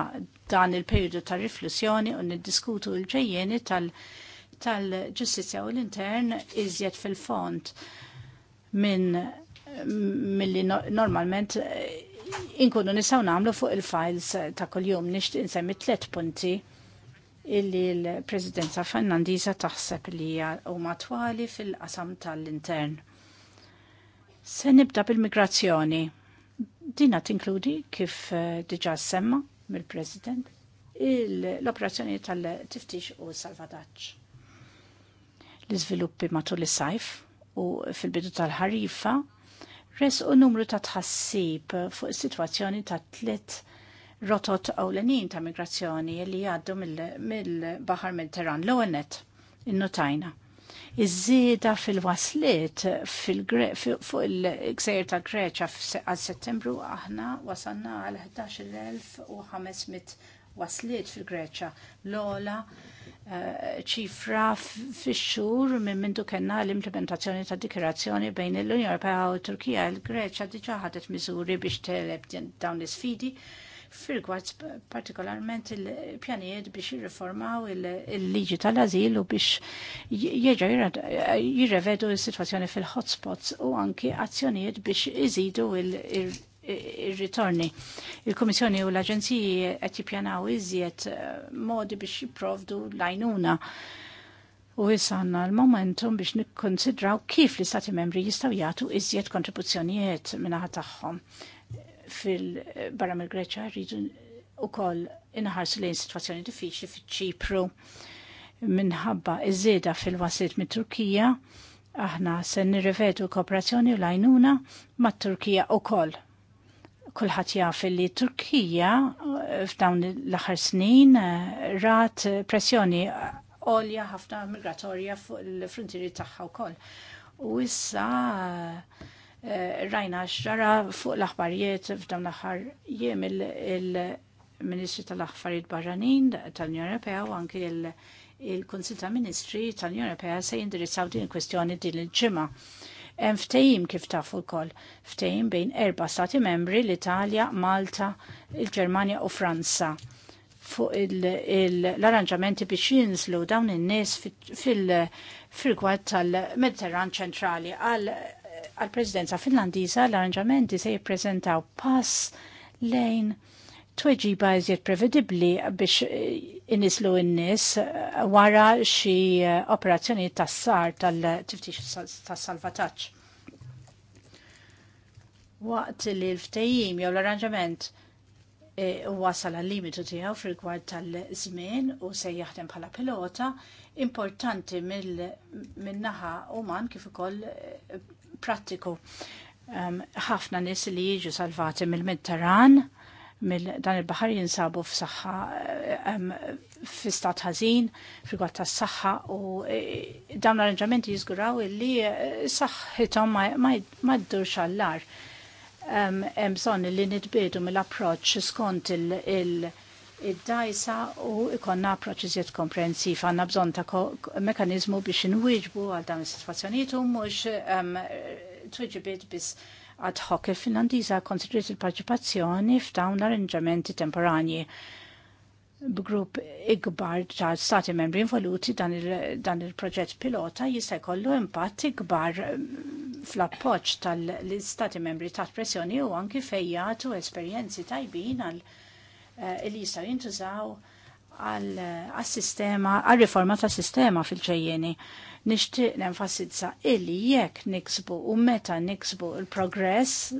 dan il periodu ta' riflessjoni u niddiskutu l-ġejjeni tal-ġustizzja u l-intern iżjed fil-font minn mill-li normalment eh, inkunu nisaw namlu fuq il-files ta' kol-jum nix insemmi tlet punti illi l-Presidenza Fernandiza taħseb li huma twali fil-qasam tal-intern. Se nibda bil-migrazzjoni. Dina tinkludi kif eh, diġa semma mill-President l-operazzjoni tal-tiftix u salvataċ. L-iżviluppi matul is-sajf u fil-bidu tal-ħarifa u numru ta' tħassib fuq is-sitwazzjoni ta' tliet rotot ewlenin ta' migrazzjoni li jgħaddu mill-Baħar Mediterran l-għonet innotajna. Iż-żieda fil-waslit fuq il-gżejjer ta' Greċa għal settembru aħna wasanna għal 11,500 waslit fil-Greċa l-ola eh, ċifra fix-xhur minn mintu kellna l-implementazzjoni ta' dikirazzjoni bejn l-Unjoni Europea u Turkija il Greċja diġà ħadet miżuri biex teleb dawn l-isfidi fil-gwad partikolarment il-pjanijiet biex jirriformaw il-liġi tal-azil u biex jieġa jirrevedu il-situazzjoni fil-hotspots u anki azzjonijiet biex iżidu il-ritorni. Il-Komissjoni u l-Aġenziji qed jippjanaw iżjed eh, modi biex jipprovdu lajnuna. U jisanna l-momentum biex nikkonsidraw kif l-Istati membri jistaw jagħtu iżjed kontribuzzjonijiet minna tagħhom fil-barra mill greċa rridu wkoll inħarsu lejn sitwazzjoni diffiċli fiċ-Ċipru minħabba iż-żieda fil-wasit mit-Turkija aħna se nirrivedu kooperazzjoni u lajnuna mat turkija u koll. Kulħat jaf li Turkija eh, f'dawn l-aħħar snin eh, rat pressjoni għolja ħafna migratorja fuq l-frontieri tagħha wkoll. U issa Eh, rajna xara fuq l-aħbarijiet f'dawn l-aħħar jiem il-Ministri tal-Aħbarijiet Barranin tal-Unjoni Ewropea u anki il-Kunsil tal-Ministri tal-Unjoni Ewropea se jindirizzaw din il-kwestjoni din il-ġimgħa. Hemm ftehim kif tafu wkoll, ftehim bejn erba' stati membri l-Italja, Malta, il-Ġermanja u Franza fuq l-arranġamenti biex jinżlu dawn in-nies fil rigward tal-Mediterran ċentrali għal għal-Presidenza Finlandiża l-arranġamenti se jippreżentaw pass lejn tweġiba iżjed prevedibbli biex eh, inislu n-nies eh, wara xi eh, operazzjoni tas tal-tiftix tas-salvataġġ. Waqt li l ftejim jew l-arranġament u wasal għal-limitu tiegħu fil gward tal-żmien u se jaħdem bħala pilota importanti mill-naħa man kif ukoll pratiku Ħafna um, nies li jiġu salvati mill-Mediterran, mill dan il-bahar jinsabu f'saħħa um, f'istat ħażin, f'rigward tas-saħħa u e, dawn l-arranġamenti jiżguraw li e, saħħithom ma jdurx għall-lar. Hemm bżonn li nitbiedu mill-approċċ skont il-, il id-dajsa u ikonna proċizjiet komprensiv għanna bżon ta' mekanizmu biex inwiġbu għal dan is-sitwazzjonijiet u mhux um, twiġibiet biss ad hoc il finlandiza konsidriet il-parċipazzjoni f'dawn arranġamenti temporanji b'grupp ikbar ta' stati membri involuti dan il-proġett il pilota jista' jkollu impatt ikbar fl-appoġġ tal-istati membri ta' pressjoni u anki u esperjenzi tajbin għal Eh, li jistaw jintużaw għal-sistema, eh, għal-riforma ta' sistema fil-ġejjeni. Nishtiq nenfasizza illi jekk niksbu u meta niksbu il-progress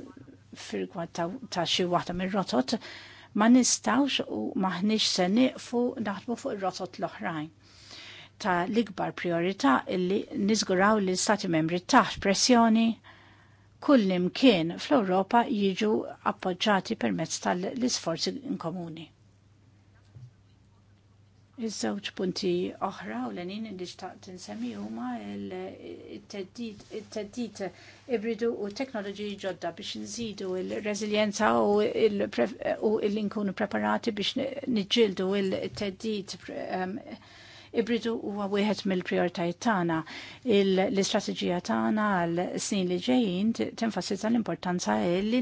fil-kwad ta' xi waħda mir-rotot, ma nistawx u maħniex se niqfu naħdmu fuq ir-rotot l-oħrajn ta' l-ikbar priorità illi niżguraw li l-Stati membri taħt pressjoni kullimkien fl-Ewropa jiġu appoġġati permezz tal-isforzi komuni. Iż-żewġ punti oħra u l-għanin li xtaqt nsemmi huma il-teddit ibridu u teknoloġiji ġodda biex nżidu il-reżiljenza u l-inkunu preparati biex nġildu il-teddit um, ibridu huwa wieħed mill-prioritajiet tagħna. L-istrateġija tagħna għal snin li ġejjin tenfasizza l-importanza li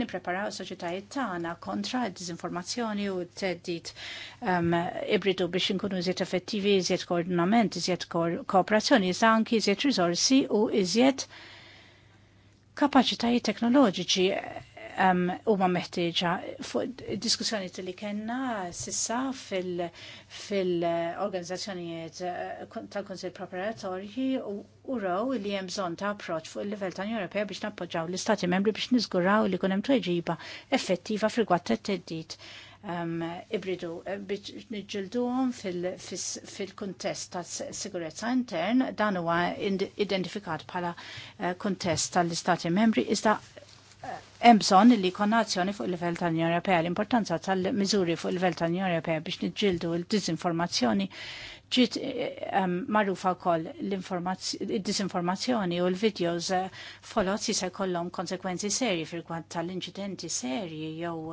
nippreparaw soċjetajiet tagħna kontra d dizinformazzjoni u t-teddit um, ibridu biex inkunu iżjed effettivi, iżjed koordinament, iżjed kooperazzjoni, zanki, anki iżjed u iżjed kapaċitajiet teknoloġiċi Um, huma meħtieġa fuq diskussjonijiet li kena sissa fil-organizzazzjonijiet uh, uh, tal-Kunsill Preparatorji u raw li hemm bżonn ta' approċċ fuq il-livell tan Ewropea biex nappoġġaw l-Istati Membri biex niżguraw li jkun hemm tweġiba effettiva fil-gwatt tat-teddit um, ibridu uh, biex niġġilduhom fil-kuntest ta' sigurezza intern dan huwa identifikat bħala kuntest tal-Istati Membri iżda hemm bżonn li konna azzjoni fuq il-livell tal-Unjoni Ewropea. L-importanza tal-miżuri fuq il-livell tal-Unjoni Ewropea biex niġġieldu l dizinformazzjoni ġiet um, eh, marrufa wkoll id-disinformazzjoni u l-videos uh, folot se jkollhom konsekwenzi serji fil-kwant tal-inċidenti serji jew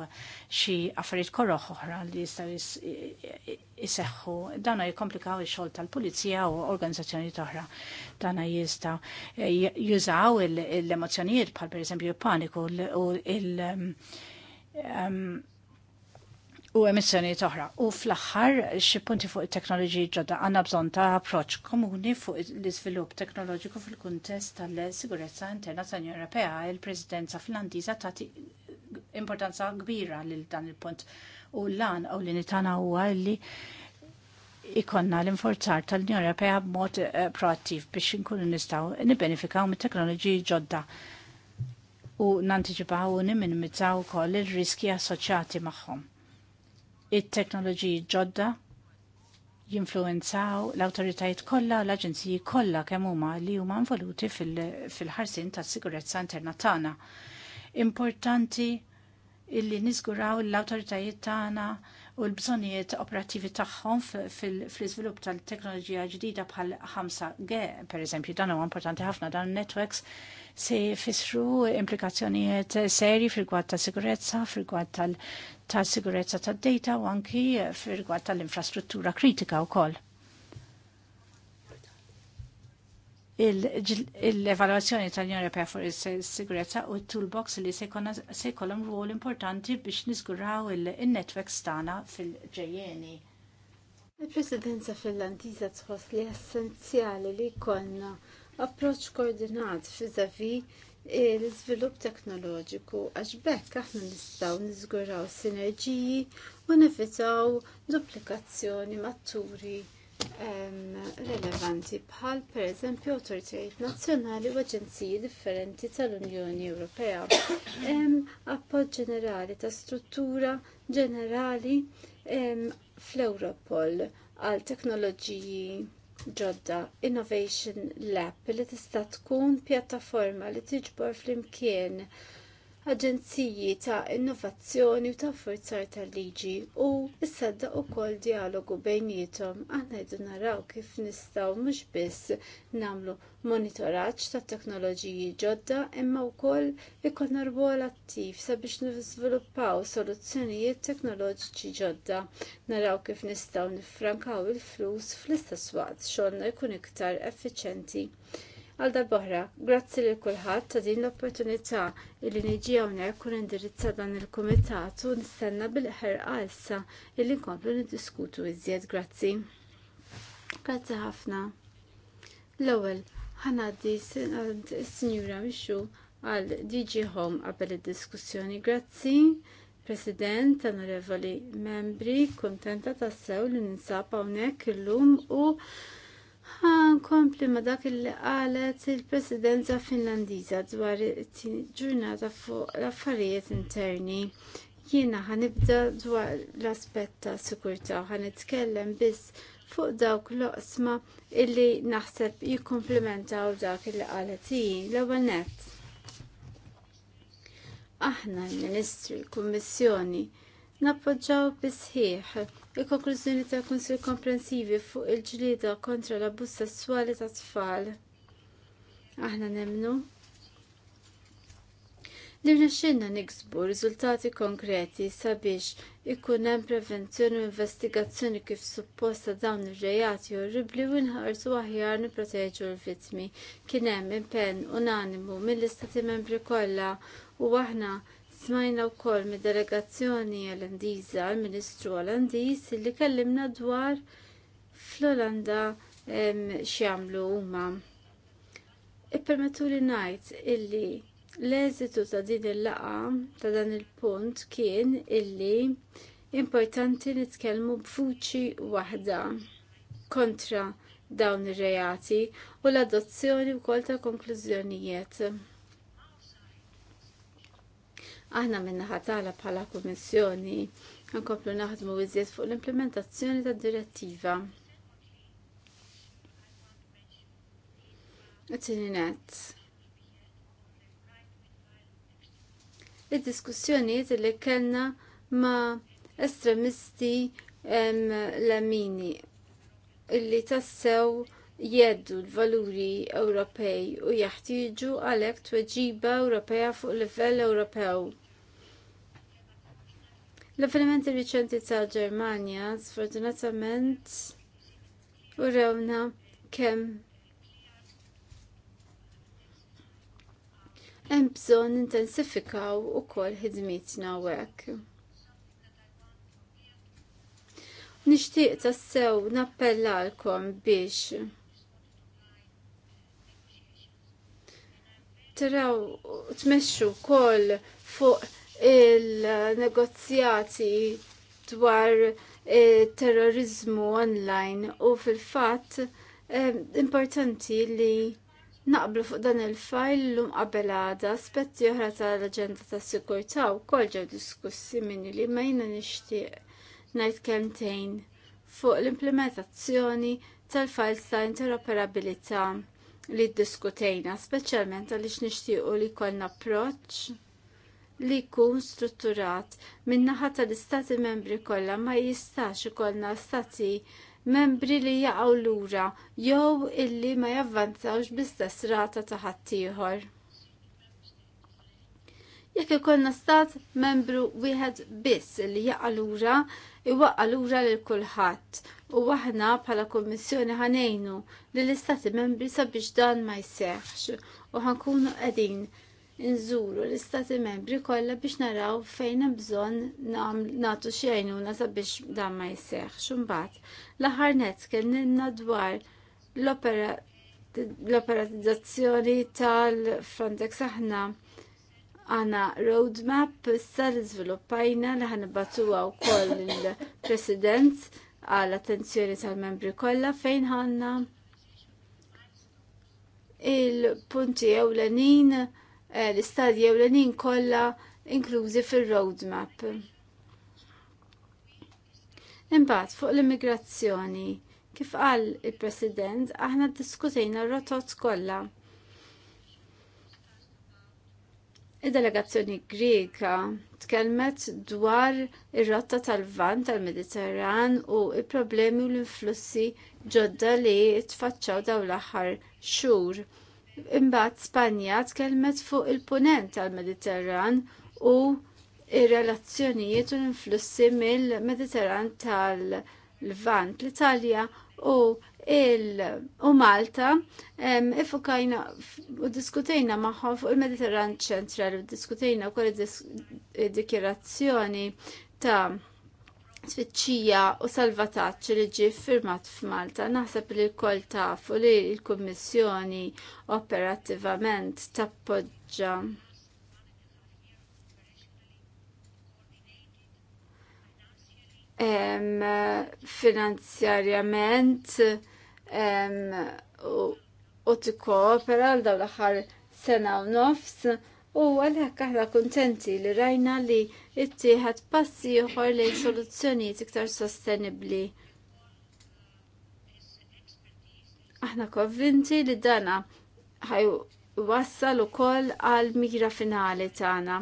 xi affarijiet korroħ oħra li jistgħu jiseħħu dana jikomplikaw ix-xogħol tal-pulizija u organizzazzjoni oħra. Dana jista' jużaw l emozjonijiet bħal pereżempju il-paniku u il-, il u emissjoni toħra. U fl-axħar, xi punti fuq it-teknoloġiji ġodda għandna bżonn ta' approċċ komuni fuq l-iżvilupp teknoloġiku fil-kuntest tal-sigurezza interna tal-Unjoni Ewropea. Il-Presidenza Finlandiża tagħti importanza kbira lil dan il-punt u lan u li nitana huwa li ikonna l-inforzar tal-Unjoni Ewropea b'mod eh, proattiv biex inkunu nistgħu nibbenifikaw mit-teknoloġiji ġodda u nantiċipaw u nimminimizzaw ukoll ir-riski assoċjati magħhom it-teknoloġiji ġodda jinfluenzaw l-autoritajiet kollha u l-aġenziji kollha kemm huma li huma involuti fil-ħarsin fil tas-sigurezza interna tagħna. Importanti illi niżguraw l-autoritajiet tagħna u l-bżonijiet operattivi tagħhom fl-iżvilupp tal-teknoloġija ġdida bħal 5G, per eżempju, dan huwa importanti ħafna dan networks se jfissru implikazzjonijiet seri fil-gwad ta' sigurezza, fil-gwad tal-sigurezza tad-data u anki fil-gwad tal-infrastruttura kritika wkoll l-evaluazzjoni tal union Europea fuq is-sigurezza u t-toolbox li se jkollhom rwol importanti biex niżguraw il-netwerks tagħna fil-ġejjeni.
Il-Presidenza Finlandiża tħoss li essenzjali li jkollna approċċ koordinat fiżavi l-iżvilupp teknoloġiku għax bekk aħna nistgħu niżguraw sinerġiji u nevitaw duplikazzjoni matturi relevanti bħal per eżempju autoritajiet nazzjonali u aġenziji differenti tal-Unjoni Ewropea. Hemm appoġġ ġenerali ta' struttura ġenerali fl-Europol għal teknoloġiji ġodda Innovation Lab li tista' tkun pjattaforma li tiġbor flimkien aġenziji ta' innovazzjoni u ta' forzar tal-liġi u s-sadda u kol dialogu bejnietom għanna jdu naraw kif nistaw mux biss namlu monitoraċ ta' teknoloġiji ġodda imma u kol ikon rwol attiv sabiex nizviluppaw soluzzjonijiet teknoloġiċi ġodda naraw kif nistaw nifrankaw il-flus fl-istess waqt xogħolna jkun iktar effiċenti għal darbohra. Grazzi lil kulħadd ta' din l-opportunità illi niġi hawnhekk u nindirizza dan il-kumitat u nistenna bil-ħerqa issa illi nkomplu niddiskutu iżjed. Grazzi. Grazzi ħafna. L-ewwel ħanaddi s-Sinjura Mixu għal DG Home qabel id-diskussjoni. Grazzi. President, onorevoli membri, kontenta tassew li ninsab hawnhekk illum u Ħankompli ma dak li qalet il-Presidenza Finlandiża dwar ġurnata fuq l-affarijiet interni. Jiena ħanibda dwar l-aspett ta' sikurtà ħanitkellem biss fuq dawk l-oqsma illi naħseb jikkomplementaw dak illi qalet l-ewwel nett. Aħna l-Ministri, l-Kummissjoni, nappoġġaw sħiħ il-konklużjoni ta' kunsil komprensivi fuq il-ġlieda kontra l-abbuż sessuali ta' tfal. Aħna nemnu. Li nixxinna niksbu riżultati konkreti sabiex ikun hemm prevenzjoni u investigazzjoni kif supposta dawn ir-rejati orribli u nħarsu aħjar nipproteġu l-vittmi. Kien hemm impenn unanimu mill-istati membri kollha u aħna Smajna u kol mid delegazzjoni għal-Indiza, l-Ministru għal-Indiz, li kellimna dwar fl-Olanda xiamlu huma. Ippermetu li najt illi l-eżitu ta' din il-laqa ta' dan il-punt kien illi importanti li tkellmu b'vuċi waħda kontra dawn ir-reati u l-adozzjoni wkoll ta' konklużjonijiet Aħna minna ħatala bħala Kommissjoni nkomplu naħdmu iżjed fuq l-implementazzjoni tad direttiva. Tininet. id diskussjoni li kellna ma' estremisti l-amini illi tassew jeddu l-valuri Ewropej u jaħtieġu għalhekk tweġiba Ewropea fuq livell Ewropew. L-avvenimenti riċenti ta' Ġermanja, sfortunatament, u rewna kemm hemm bżonn intensifikaw ukoll ħidmitna hekk. Nixtieq tassew nappellalkom biex taraw tmexxu wkoll fuq il-negozjati dwar eh, terrorizmu online u fil-fatt eh, importanti li naqblu fuq dan il-fajl l-lum qabelada aspetti oħra tal-aġenda ta' sigurtà wkoll ġew diskussi minni li ma jiena nixtieq ngħid kemmtejn fuq l-implementazzjoni tal-fajl ta' interoperabilità li ddiskutejna, speċjalment għaliex nixtiequ li jkollna approċċ li jkun strutturat minn naħa tal-istati membri kollha ma jistax ikollna stati membri li jaqgħu lura jew illi ma javvanzawx bl-istess rata ta' ħaddieħor. Jekk ikollna stat membru wieħed biss li jaqa' lura, iwaqqa lura lil kulħadd u aħna bħala Kummissjoni ħanejnu li l-istati membri sabiex dan ma jseħħx u ħankunu qegħdin nżuru l-istati membri kollha biex naraw fejn hemm bżonn nagħtu xi għajnuna sabiex dan ma jseħħ Imbagħad l-aħħar nett kellna dwar l-operatizzazzjoni tal-Frontex aħna għana roadmap issa li żviluppajna li ħanibatuha wkoll il-President għal attenzjoni tal-membri kollha fejn ħanna il-punti ewlenin Eh, l-istadji u l-nin kolla inklużi fil-roadmap. Imbagħad fuq l-immigrazzjoni, kif qal il-President, aħna diskutejna r-rotot kollha. Id-delegazzjoni Greka tkellmet dwar ir-rotta tal-Vant tal-Mediterran u l problemi u l-influssi ġodda li tfaċċaw dawn l-aħħar xhur Imbagħad Spanja tkellmet fuq il-punent tal-Mediterran u ir-relazzjonijiet u l-influssi mill-Mediterran tal-Lvant l-Italja u u Malta ifukajna u diskutejna maħħom fuq il-Mediterran ċentrali u diskutejna kol id-dikjerazzjoni ta' tfittxija u salvataċ li ġie firmat f'Malta. Naħseb li l-koll tafu li l-Kummissjoni operattivament tappoġġa finanzjarjament u tikkoopera għal dawn l-aħħar sena u nofs U għalhekk aħna kuntenti li rajna li ittieħed passi joħor lejn soluzzjonijiet iktar sostenibbli. Aħna konvinti li dana ħaj wassal ukoll għal mira finali tagħna.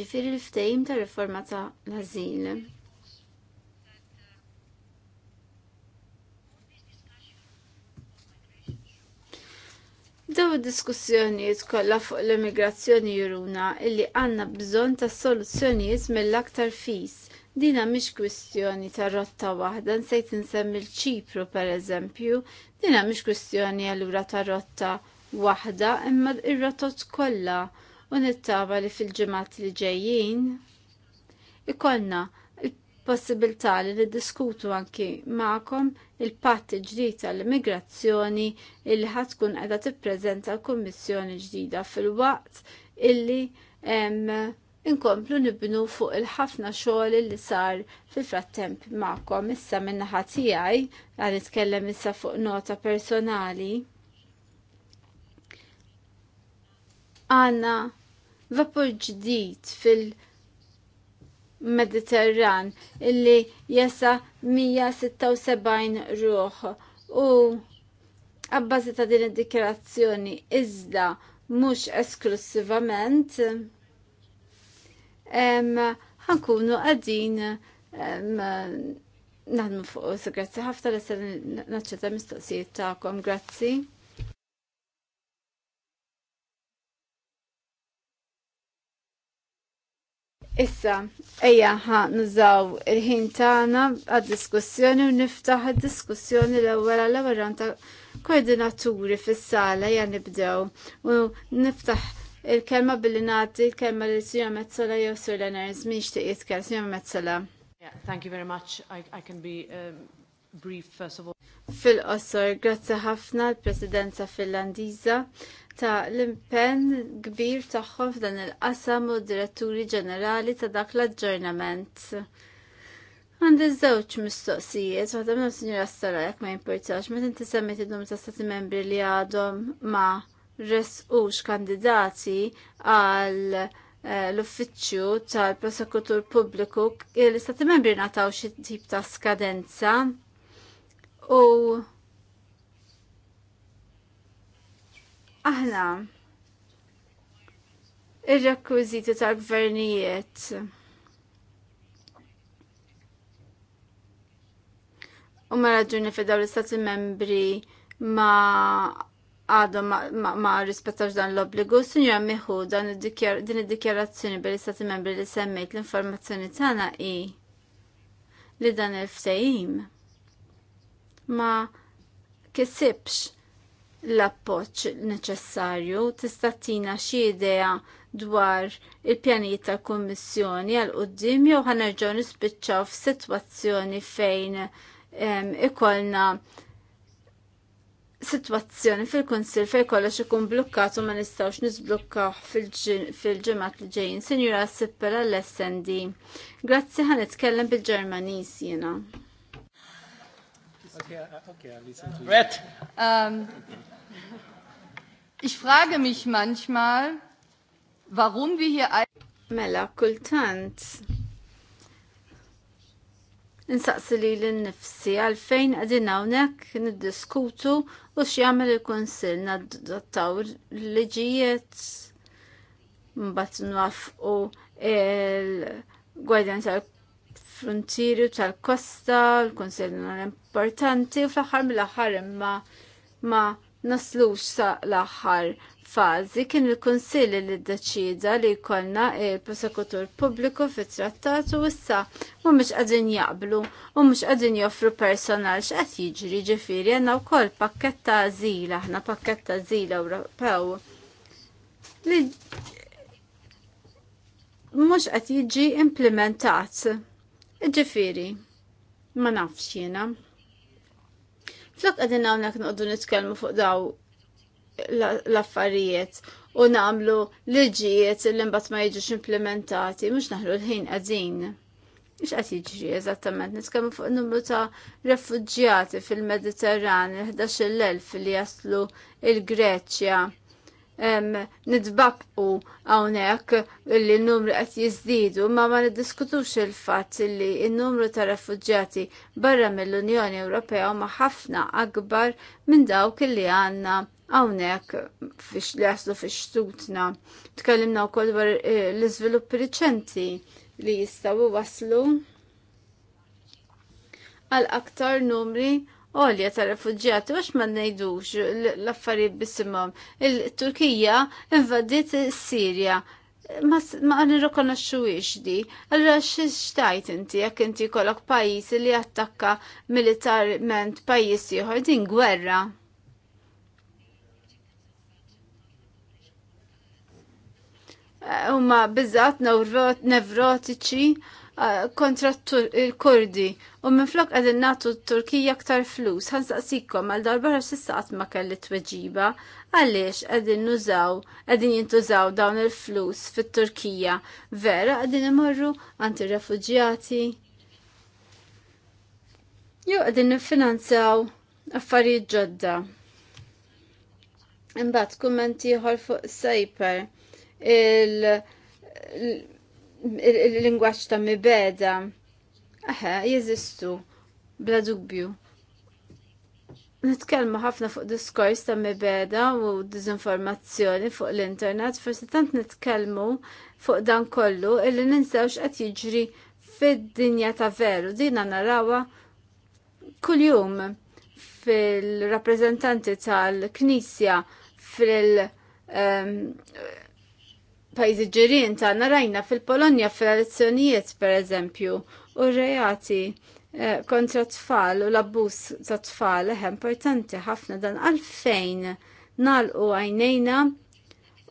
Ġifieri l-ftehim ta' riforma ta' l-ażil. Daw diskussjonijiet kollha fuq l-immigrazzjoni juruna illi għandna bżonn ta' soluzzjonijiet mill-aktar fis. Dina mhix kwistjoni ta' rotta waħda nsejt insemmi l-Ċipru pereżempju, dina mhix kwistjoni allura ta' rotta waħda imma ir-rotot kollha u nittama li fil-ġimgħat li ġejjin. Ikollna possibilità li diskutu anki ma'kom il patti ġdid tal-immigrazzjoni illi ħatkun tkun qiegħda tippreżenta l-Kummissjoni ġdida fil-waqt illi inkomplu nibnu fuq il-ħafna xogħol li sar fil-frattemp ma'kom issa min-naħa tiegħi għal issa fuq nota personali. Għanna vapur ġdid fil- Mediterran illi jessa 176 ruħ u għabbażi ta' din id-dikjerazzjoni iżda mhux esklusivament ħankunu qegħdin naħdmu fuq segrazzi ħafna li se naċċetta mistoqsijiet tagħkom. Grazzi. Issa, ejja ħa nużaw il-ħin tagħna għad-diskussjoni u niftaħ id-diskussjoni l-ewwel għal ewwel ta' koordinaturi fis-sala ja nibdew u niftaħ il-kelma billi nagħti il-kelma li s-sija Mezzola jew Sur Leners miex tiq jitkel Sinjora Mezzola. Yeah, thank you
very much. I, I can be um, brief first of all.
Fil-qosor, grazzi ħafna l-Presidenza Finlandiża ta' l-impenn kbir tagħhom f'dan il-qasam u diretturi ġenerali ta' dak l-aġġornament. Għandi żewġ mistoqsijiet, waħda minnhom sinjura Stara jekk ma ma' meta inti semmejt id-num ta' stati membri li għadhom ma resqux kandidati għal eh, l-uffiċċju tal-prosekutur pubbliku li stati membri nataw xi tip ta' skadenza u Aħna ir-rekwiżiti tal-gvernijiet u ma raġuni fedaw l-istati membri ma għadhom ma, rispettawx dan l-obbligu, Sinjur miħu dan din id-dikjarazzjoni bil-istati membri li semmejt l-informazzjoni tagħna i li dan il-ftehim ma kisibx l-appoċ neċessarju tista' tina xi idea dwar il-pjanijiet tal-Kummissjoni għal qudiem jew ħanerġgħu nispiċċaw f'sitwazzjoni fejn ikollna sitwazzjoni fil kunsill fejn kollox ikun blukkat u ma nistgħux nisblukkaw fil-ġimgħat li ġejjin. Sinjura Sippel għall-SND. Grazzi ħan nitkellem bil-Ġermaniż jiena. Okay, uh,
okay,
Ich frage mich manchmal, warum wir hier Mela, kultant. Nsaqsi li l-nifsi għalfejn għadin hawnhekk niddiskutu u x'jagħmel il-Kunsill l-leġijiet mbat nwafqu il gwajdan tal-Frontieri tal-Kosta, l-Kunsill importanti u fl-aħħar mill-aħħar imma ma' naslux sa l-aħħar fażi kien il-Kunsill li ddeċida li jkollna il-prosekutur pubbliku fit-trattat u issa mhumiex qegħdin jaqblu u mhux għadin joffru personal x'qed jiġri ġifiri għanna wkoll pakkett ta' zila aħna pakkett ta' u rapaw li mhux qed jiġi implementat. ġifiri ma nafx jiena. Flok għadin għamnek nqoddu nitkelmu fuq daw l-affarijiet u namlu liġijiet li mbagħad ma jiġux implementati mhux naħlu l-ħin qegħdin. Ix qed jiġri eżattament nitkellmu fuq numru ta' refugġjati fil-Mediterran il elf li jaslu il-Greċja nidbabqu hawnhekk li n-numru qed jizdidu, ma ma niddiskutux il-fatt li n-numru ta' refugġati barra mill-Unjoni Ewropea ma ħafna akbar minn dawk li għandna hawnhekk li għaslu fi xtutna. Tkellimna wkoll dwar eh, l-iżviluppi riċenti li jistgħu waslu għal aktar numri olja ta' refugġjati għax ma ngħidux l-affarijiet bisimom. Il-Turkija invadiet is-Sirja. Ma nirrikonoxxuwix di. Allura x'tajt inti jekk inti jkollok pajis li attakka militarment pajjiż ieħor din gwerra. Eh, huma bizzat nevrotiċi kontra il-Kurdi u minflok għadin natu Turkija ktar flus saqsikom għal darba xissaqat ma kelli t-weġiba, għaliex għadin nużaw għadin jintużaw dawn il-flus fit turkija vera għadin imorru għanti refugjati Jo għadin nifinanzaw affarijiet ġodda. Imbagħad kummenti ħol fuq Sajper il il-lingwaċ ta' mibeda. Aha, jeżistu, bla dubju. Nitkellmu ħafna fuq diskors ta' mibeda u dizinformazzjoni fuq l-internet, forsi tant nitkellmu fuq dan kollu illi ninsewx qed jiġri fid-dinja ta' veru. Dina narawa kuljum fil-rappreżentanti tal-Knisja fil- ehm, pajzi ġirien tagħna rajna fil-Polonja fil-elezzjonijiet pereżempju u reati eh, kontra tfal u l-abbuż ta' tfal eħ eh, importanti ħafna dan għalfejn u għajnejna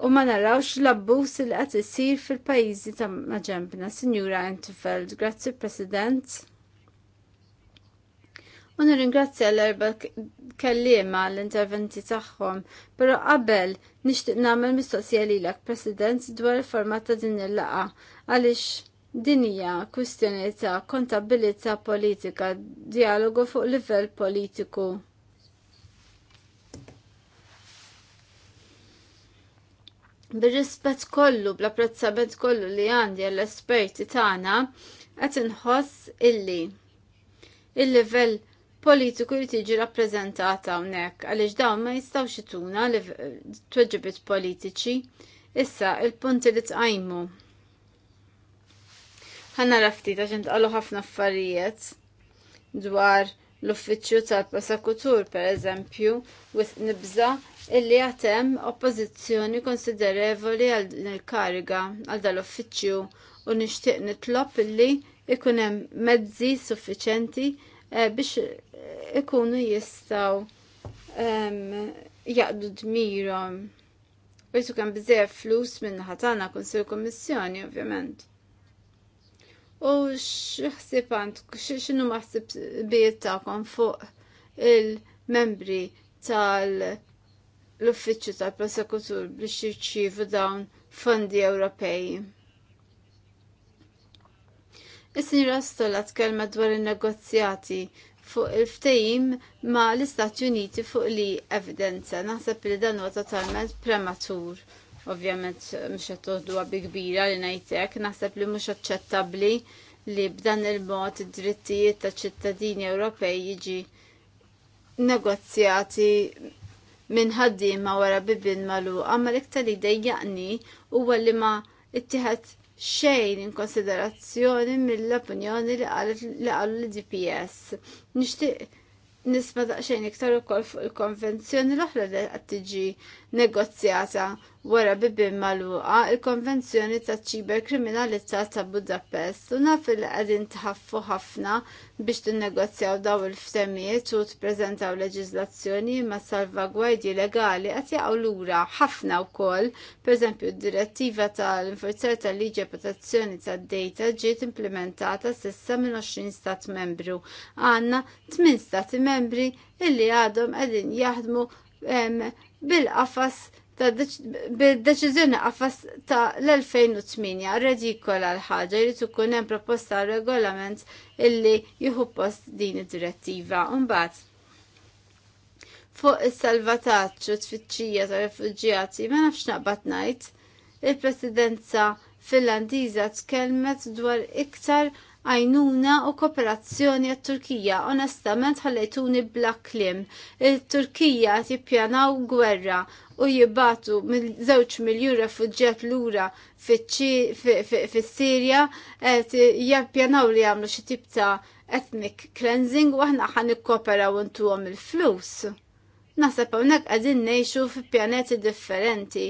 u ma narawx l-abbuż li qed isir fil-pajjiżi ta' maġembna. Sinjura Entfeld, grazzi President u nirringrazzja l-erba kellima l-interventi tagħhom, però qabel nixtieq nagħmel mistoqsija lilek President dwar il-format ta' din il-laqa għaliex din hija kwistjoni ta' kontabilità politika, dialogu fuq livell politiku. Bir-rispett kollu, bl-apprezzament kollu li għandi għall-esperti tagħna qed inħoss illi il-livell politiku li tiġi rappreżentata hawnhekk għaliex dawn ma jistgħux ituna li tweġibit politiċi issa il-punti li tqajmu. Ħanna rafti ta' ġent qalu ħafna affarijiet dwar l-uffiċċju tal-prosekutur per eżempju with nibża illi għatem oppożizzjoni konsiderevoli għal il-kariga għal dal-uffiċċju u nixtieq nitlob illi ikun hemm mezzi suffiċenti Eh, biex ikunu jistaw jaqdu dmirom. Għisu kan bizzef flus minna ħatana konsil kommissjoni, ovvjament. U xħsib għand, xinu maħsib biet ta'kom fuq il-membri tal-uffiċċju tal-prosekutur biex jirċivu dawn fondi Ewropej. Is-sinjura Stolla tkellma dwar in-negozjati fuq il-ftejim ma l-Istati Uniti fuq li evidenza. Naħseb li dan huwa totalment prematur. Ovvjament mhux qed bi kbira li ngħidlek, naħseb li mhux aċċettabbli li b'dan il-mod id-drittijiet ta' ċittadini Ewropej jiġi negozjati minn ħaddiema wara bibin malu, għamma l-iktar li dejjaqni huwa li ma ittiħat xejn in konsiderazzjoni mill-opinjoni li qalu l-DPS. Nixtieq nisma daqsxejn iktar ukoll fuq il-konvenzjoni l ohra li qed tiġi negozjata wara bibin maluqa il-Konvenzjoni ta' ċiberkriminalità ta' Budapest u naf li qegħdin tħaffu ħafna biex tinnegozjaw daw il ftemiet u tpreżentaw leġiżlazzjoni ma' salvagwardji legali qed jaqgħu lura ħafna wkoll, pereżempju d-direttiva tal inforzer tal-liġi e protezzjoni tad-data ġiet implementata s'issa minn 20 stat membru. Għandna 8 stati membri illi għadhom qegħdin jaħdmu bil-qafas Bid-deċiżjoni qafas ta' l-2008 redikola l-ħaġa li tkun hemm proposta regolament illi jieħu post din id-direttiva. Mbagħad fuq is-salvataġġ u tfittxija ta' refuġjati ma nafx naqbad ngħid, il-Presidenza Finlandiża tkellmet dwar iktar għajnuna u kooperazzjoni għat turkija Onestament ħallejtuni bla klim. Il-Turkija tippjanaw gwerra u jibbatu zewċ miljon refugġjat lura fis-Sirja jappjanaw li għamlu xi tip ta' ethnic cleansing u aħna ħan nikkoperaw intuhom il-flus. Nasab hawnhekk qegħdin ngħixu fi pjaneti differenti.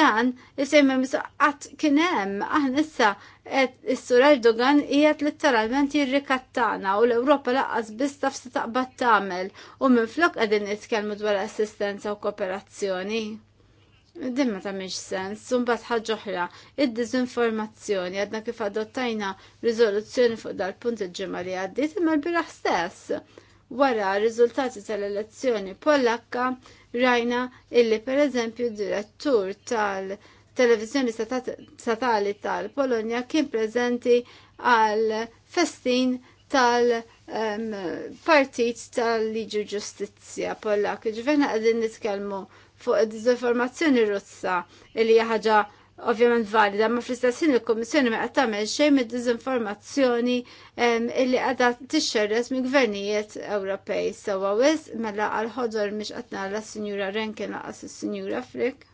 Dan jisajma qatt kien hemm aħna issa is-sur Erdogan qiegħed litteralment jirrikattana u l-Ewropa laqqas biss taf taqbat taqbad tagħmel u minflok qegħdin nitkellmu dwar assistenza u kooperazzjoni. Din ma tagħmilx sens, mbagħad ħaġa oħra, id-diżinformazzjoni għadna kif adottajna riżoluzzjoni fuq dal-punt il-ġimgħa li għaddiet imma l-biraħ stess wara r-riżultati tal-elezzjoni Pollakka rajna illi per eżempju direttur tal-televizjoni statali tal-Polonja kien preżenti għal festin tal-partit tal-Liġu Ġustizzja Pollak. Ġiverna għedin nitkelmu fuq id-dizinformazzjoni russa illi ħaġa ovvjament valida, ma fl istessin il-Kommissjoni ma qed tagħmel xejn mid-diżinformazzjoni illi qiegħda tixxerres minn gvernijiet Ewropej. Sewwa wis mela għal ħodor mhix qed nagħla Sinjura Renke laqas is-Sinjura Frick.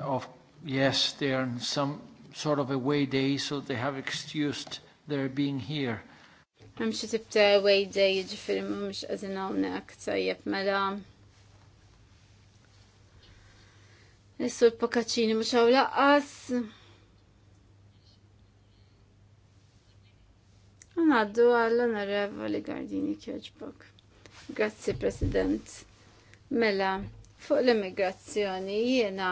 Of yes, they are in some sort of away day, so they have excused their being here.
Hemm xi tibta way day jiġifieri mhumiex qegħdin hawnhekk tajjeb mela. Is-sur Pakaċini mhux hawn laqqas. Ngħaddu għall onorevoli Gardini Kjoġbok. Grazzi President. Mela, fuq l-immigrazzjoni jiena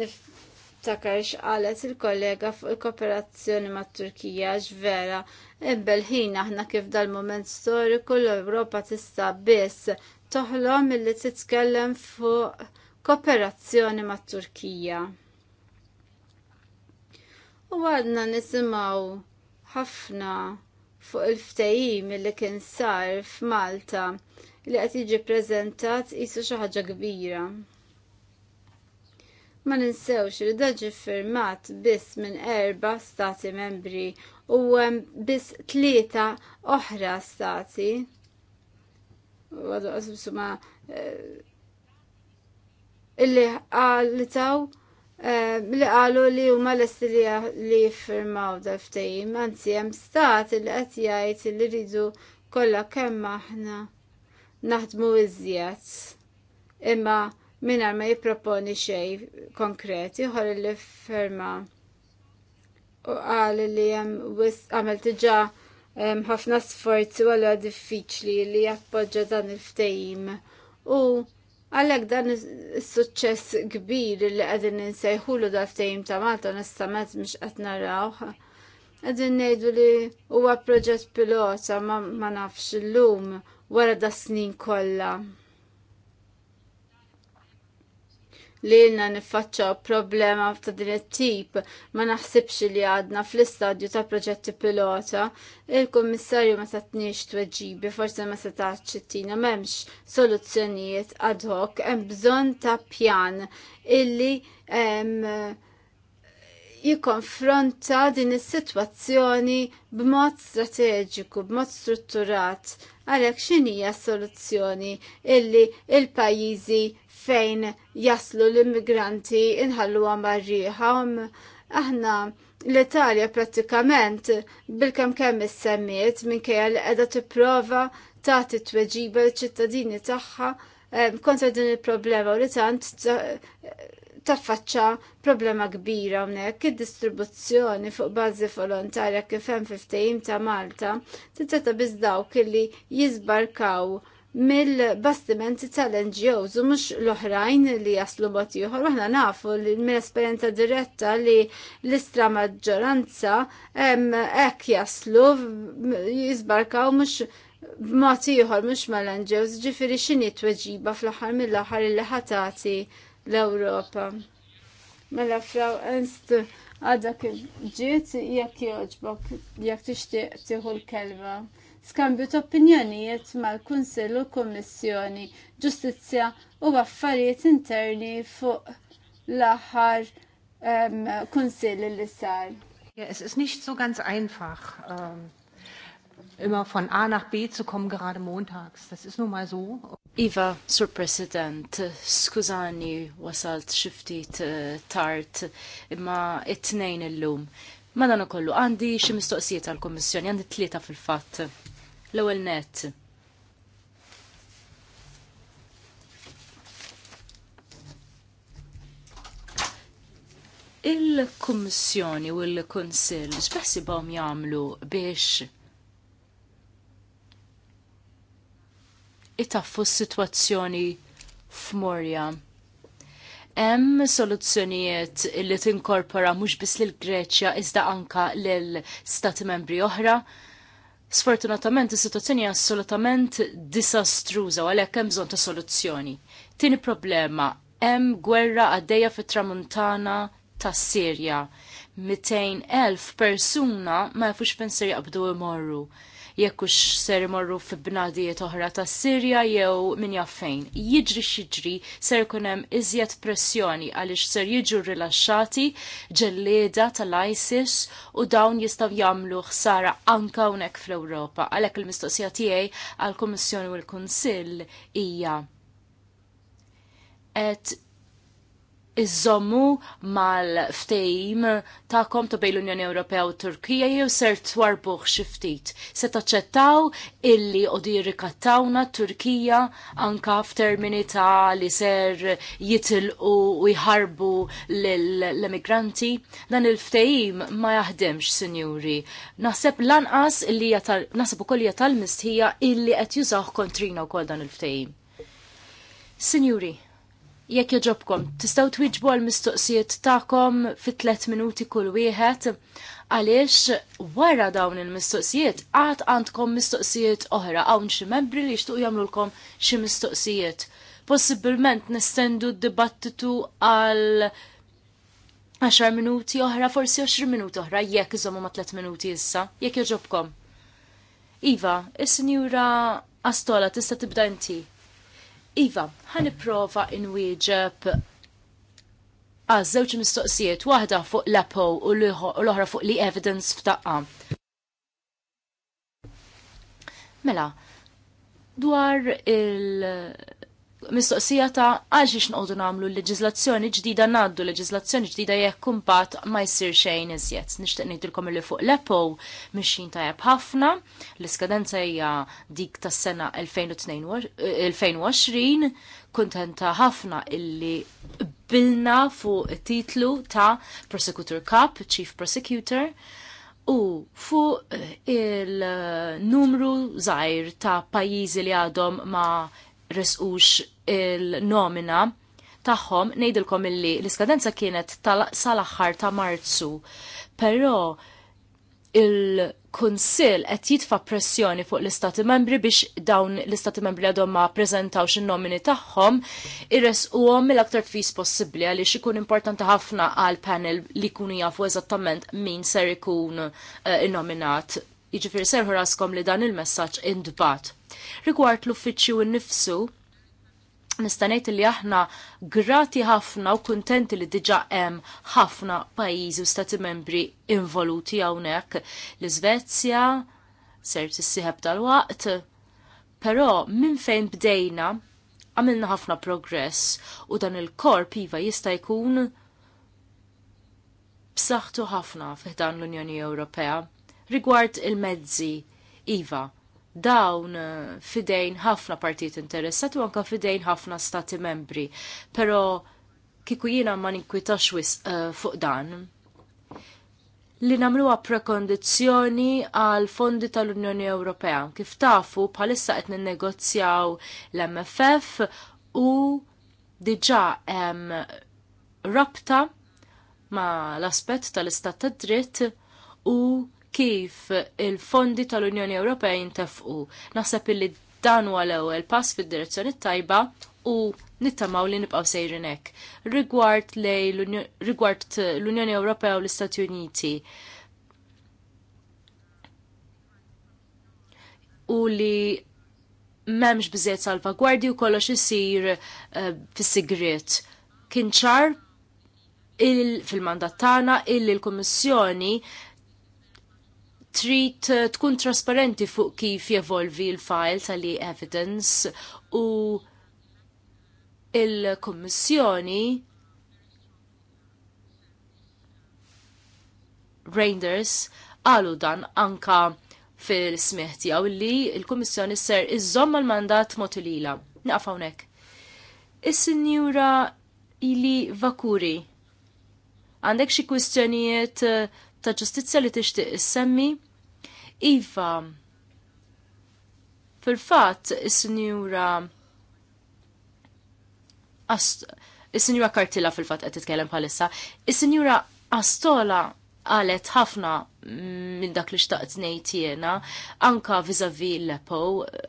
niftakar x'qalet il-kollega fuq il-kooperazzjoni mat-Turkija ġvera ħin aħna kif dal-moment storiku l-Ewropa tista' biss toħlom illi titkellem fuq kooperazzjoni mat Turkija. U għadna nisimaw ħafna fuq il-ftajim li kien sar f'Malta li qed jiġi prezentat qisu xi ħaġa kbira. Ma ninsewx li daġi firmat biss minn erba' stati membri u hemm biss tlieta oħra stati. Għadu qasbsu ma' eh, illi għalitaw eh, li għalu li huma l-esti li jiffirmaw dal-ftejim, anzi hemm stat li qed jgħid li rridu kollha kemm aħna naħdmu iżjed. Imma mingħajr ma jipproponi xej konkret, ieħor li ferma u qal li hemm għamel diġà ħafna sforzi wala diffiċli li jappoġġa dan il-ftejim u Għallek dan is-suċċess kbir li qegħdin insejħulu dal ta' Malta onestament mhux qed narawha. Qegħdin ngħidu li huwa proġett pilota ma, ma nafx illum wara da snin kollha. li jilna niffaċċaw problema ta' din it-tip ma naħsibx li għadna fl-istadju ta' proġetti pilota, il-Kummissarju ma setniex tweġibi, forse ma setax ċittina m'hemmx soluzzjonijiet ad hoc, hemm bżonn ta' pjan illi em, jikonfronta din is-sitwazzjoni b'mod strateġiku, b'mod strutturat għalhekk xinija soluzzjoni illi il pajjiżi fejn jaslu l-immigranti inħallu għamarriħam. Um, aħna l-Italja pratikament bil-kem kemm is-semmiet edha li qiegħda tipprova tagħti tweġiba l-ċittadini tagħha um, kontra din il-problema u li tant taffaċċa problema kbira hawnhekk id-distribuzzjoni fuq bażi volontarja kif hemm fiftehim ta' Malta titeta biss dawk li mill-bastimenti tal-NGOs u mux l-oħrajn li jaslu bot juħor. Waħna nafu li minn esperienza diretta li l-istra maġġoranza ek jaslu jizbarkaw mux b'mod ieħor mhux mal-NGOs xini t weġiba fl-aħħar mill-aħħar li ħatati l-Ewropa. Mela fraw għadak għadha ġiet jekk jogħġbok jekk tixtieq tieħu l kelba skambju ta' opinjonijiet mal-Kunsill u Kommissjoni Ġustizzja u Affarijiet Interni fuq l-aħħar um, Kunsill li sar.
Ja, es ist nicht so ganz einfach, ähm, immer von A nach B zu kommen, gerade montags. Das ist nun mal so.
Iva, Sur President, skużani wasalt xiftit uh, eh, tart imma it-tnejn illum. Madana kollu, għandi xi mistoqsijiet għall kommissjoni għandi tlieta fil-fatt. L-ewwel net. Il-Kummissjoni u l-Kunsill x'bess ibhom jagħmlu biex itaffu s-sitwazzjoni f'Morja hemm soluzzjonijiet li tinkorpora mhux biss lill Greċja iżda anka lill stati membri oħra Sfortunatament is-sitwazzjoni assolutament disastruża għalhekk hemm bżonn ta' soluzzjoni. Tieni problema hemm gwerra għaddejja fit-tramuntana tas Sirja. elf persuna ma jafux fejn ser jaqbdu imorru jekk hux ser imorru fi bnadijiet oħra tas Sirja jew min jaf fejn. Jiġri xiġri ser kunem hemm iżjed pressjoni għaliex ser jiġu rilaxxati ġellieda tal-ISIS u dawn jistgħu jagħmlu ħsara anka hawnhekk fl-Ewropa. Għalhekk il-mistoqsija tiegħi għall-Kummissjoni u l-Kunsill hija qed iżommu mal-ftejim ta'kom ta' bejn l-Unjoni Ewropea u Turkija jew ser twarbuħ xi ftit. Se taċċettaw illi qogħdi rikattawna Turkija anka f'termini ta' li ser jitilqu u jħarbu l-emigranti. Dan il-ftejim ma jaħdemx, sinjuri. Naħseb lanqas illi naħseb ukoll hija tal-mistħija illi qed jużaw kontrina wkoll dan il-ftejim. Sinjuri, Jekk joġobkom, tistaw twiġbu għal mistoqsijiet ta'kom fit tlet minuti kull wieħed, għaliex wara dawn il-mistoqsijiet għad għandkom mistoqsijiet oħra hawn xi membri li jixtuq jagħmlulkom xi mistoqsijiet. Possibilment nistendu d-dibattitu għal 10 minuti oħra, forsi 20 minuti oħra, jekk zomu ma 3 minuti issa, jekk joġobkom. Iva, is-sinjura Astola tista' tibda inti. Iva, ħan prova in għaż żewġ mistoqsijiet, waħda fuq l-apo u l-oħra fuq li evidence f'taqqa. Mela, dwar il- mistoqsija ta' għalx nqogħdu nagħmlu leġiżlazzjoni ġdida ngħaddu leġiżlazzjoni ġdida jekk kumbat ma jsir xejn iżjed. Nixtieq ngħidilkom li fuq l-EPO mixin tajjeb ħafna, l-iskadenza hija dik tas-sena 2020. kuntenta ħafna illi bilna fuq titlu ta' Prosecutor Cup, Chief Prosecutor, u fuq il-numru zaħir ta' pajizi li għadhom ma' resqux il-nomina tagħhom ngħidilkom illi l-iskadenza kienet sal-aħħar ta' Marzu. Però il-Kunsill qed jitfa' pressjoni fuq l-Istati Membri biex dawn l-Istati Membri għadhom ma preżentawx in-nomini tagħhom irresquhom mill-aktar tfis possibbli għaliex ikun importanti ħafna għal panel li jkunu jafu eżattament min ser ikun uh, eh, nominat Jiġifieri serħu raskom li dan il-messaġġ indbat. Rigward l-uffiċċju nifsu, nistanejt li aħna grati ħafna u kuntenti li diġa hemm ħafna pajjiżi u stati membri involuti hawnhekk l-Iżvezja ser tissieħeb tal-waqt. Però minn fejn bdejna għamilna ħafna progress u dan il-korp iva jista' jkun b'saħħtu ħafna dan l-Unjoni Ewropea rigward il-mezzi iva dawn eh, fidejn ħafna partijiet interessati u anka fidejn ħafna stati membri. Pero kiku jina ma ninkwitax wis uh, fuq dan. Li namluwa prekondizjoni għal fondi tal-Unjoni Ewropea. Kif tafu bħalissa qed ninnegozjaw l-MFF u diġa hemm rabta ma l-aspett tal-istat tad dritt u kif il-fondi tal-Unjoni Ewropea jintefqu. Naħseb illi dan huwa l-ewwel pass fid-direzzjoni tajba u nittamaw li nibqaw sejrin hekk. Rigward l-Unjoni Ewropea u l-Istati Uniti. U li memx bżiet salvagwardi u kollox isir uh, fis-sigriet. Kien ċar fil-mandat tagħna il kummissjoni il trid eh, tkun trasparenti fuq kif jevolvi l-file tal-li evidence u il-Kommissjoni Reinders għalu dan anka fil-smieħ tiegħu li l-Kummissjoni ser iżomm l-mandat motilila. Naqaf hawnhekk. Is-Sinjura Ili Vakuri, għandek xi kwistjonijiet eh, ta' ġustizja li tixtieq issemmi. Iva, fil-fatt is-sinjura is-sinjura Kartilla fil-fatt qed titkellem bħalissa, is-sinjura Astola għalet ħafna minn dak li xtaqt ngħid jiena anka viżavi l-Lepo,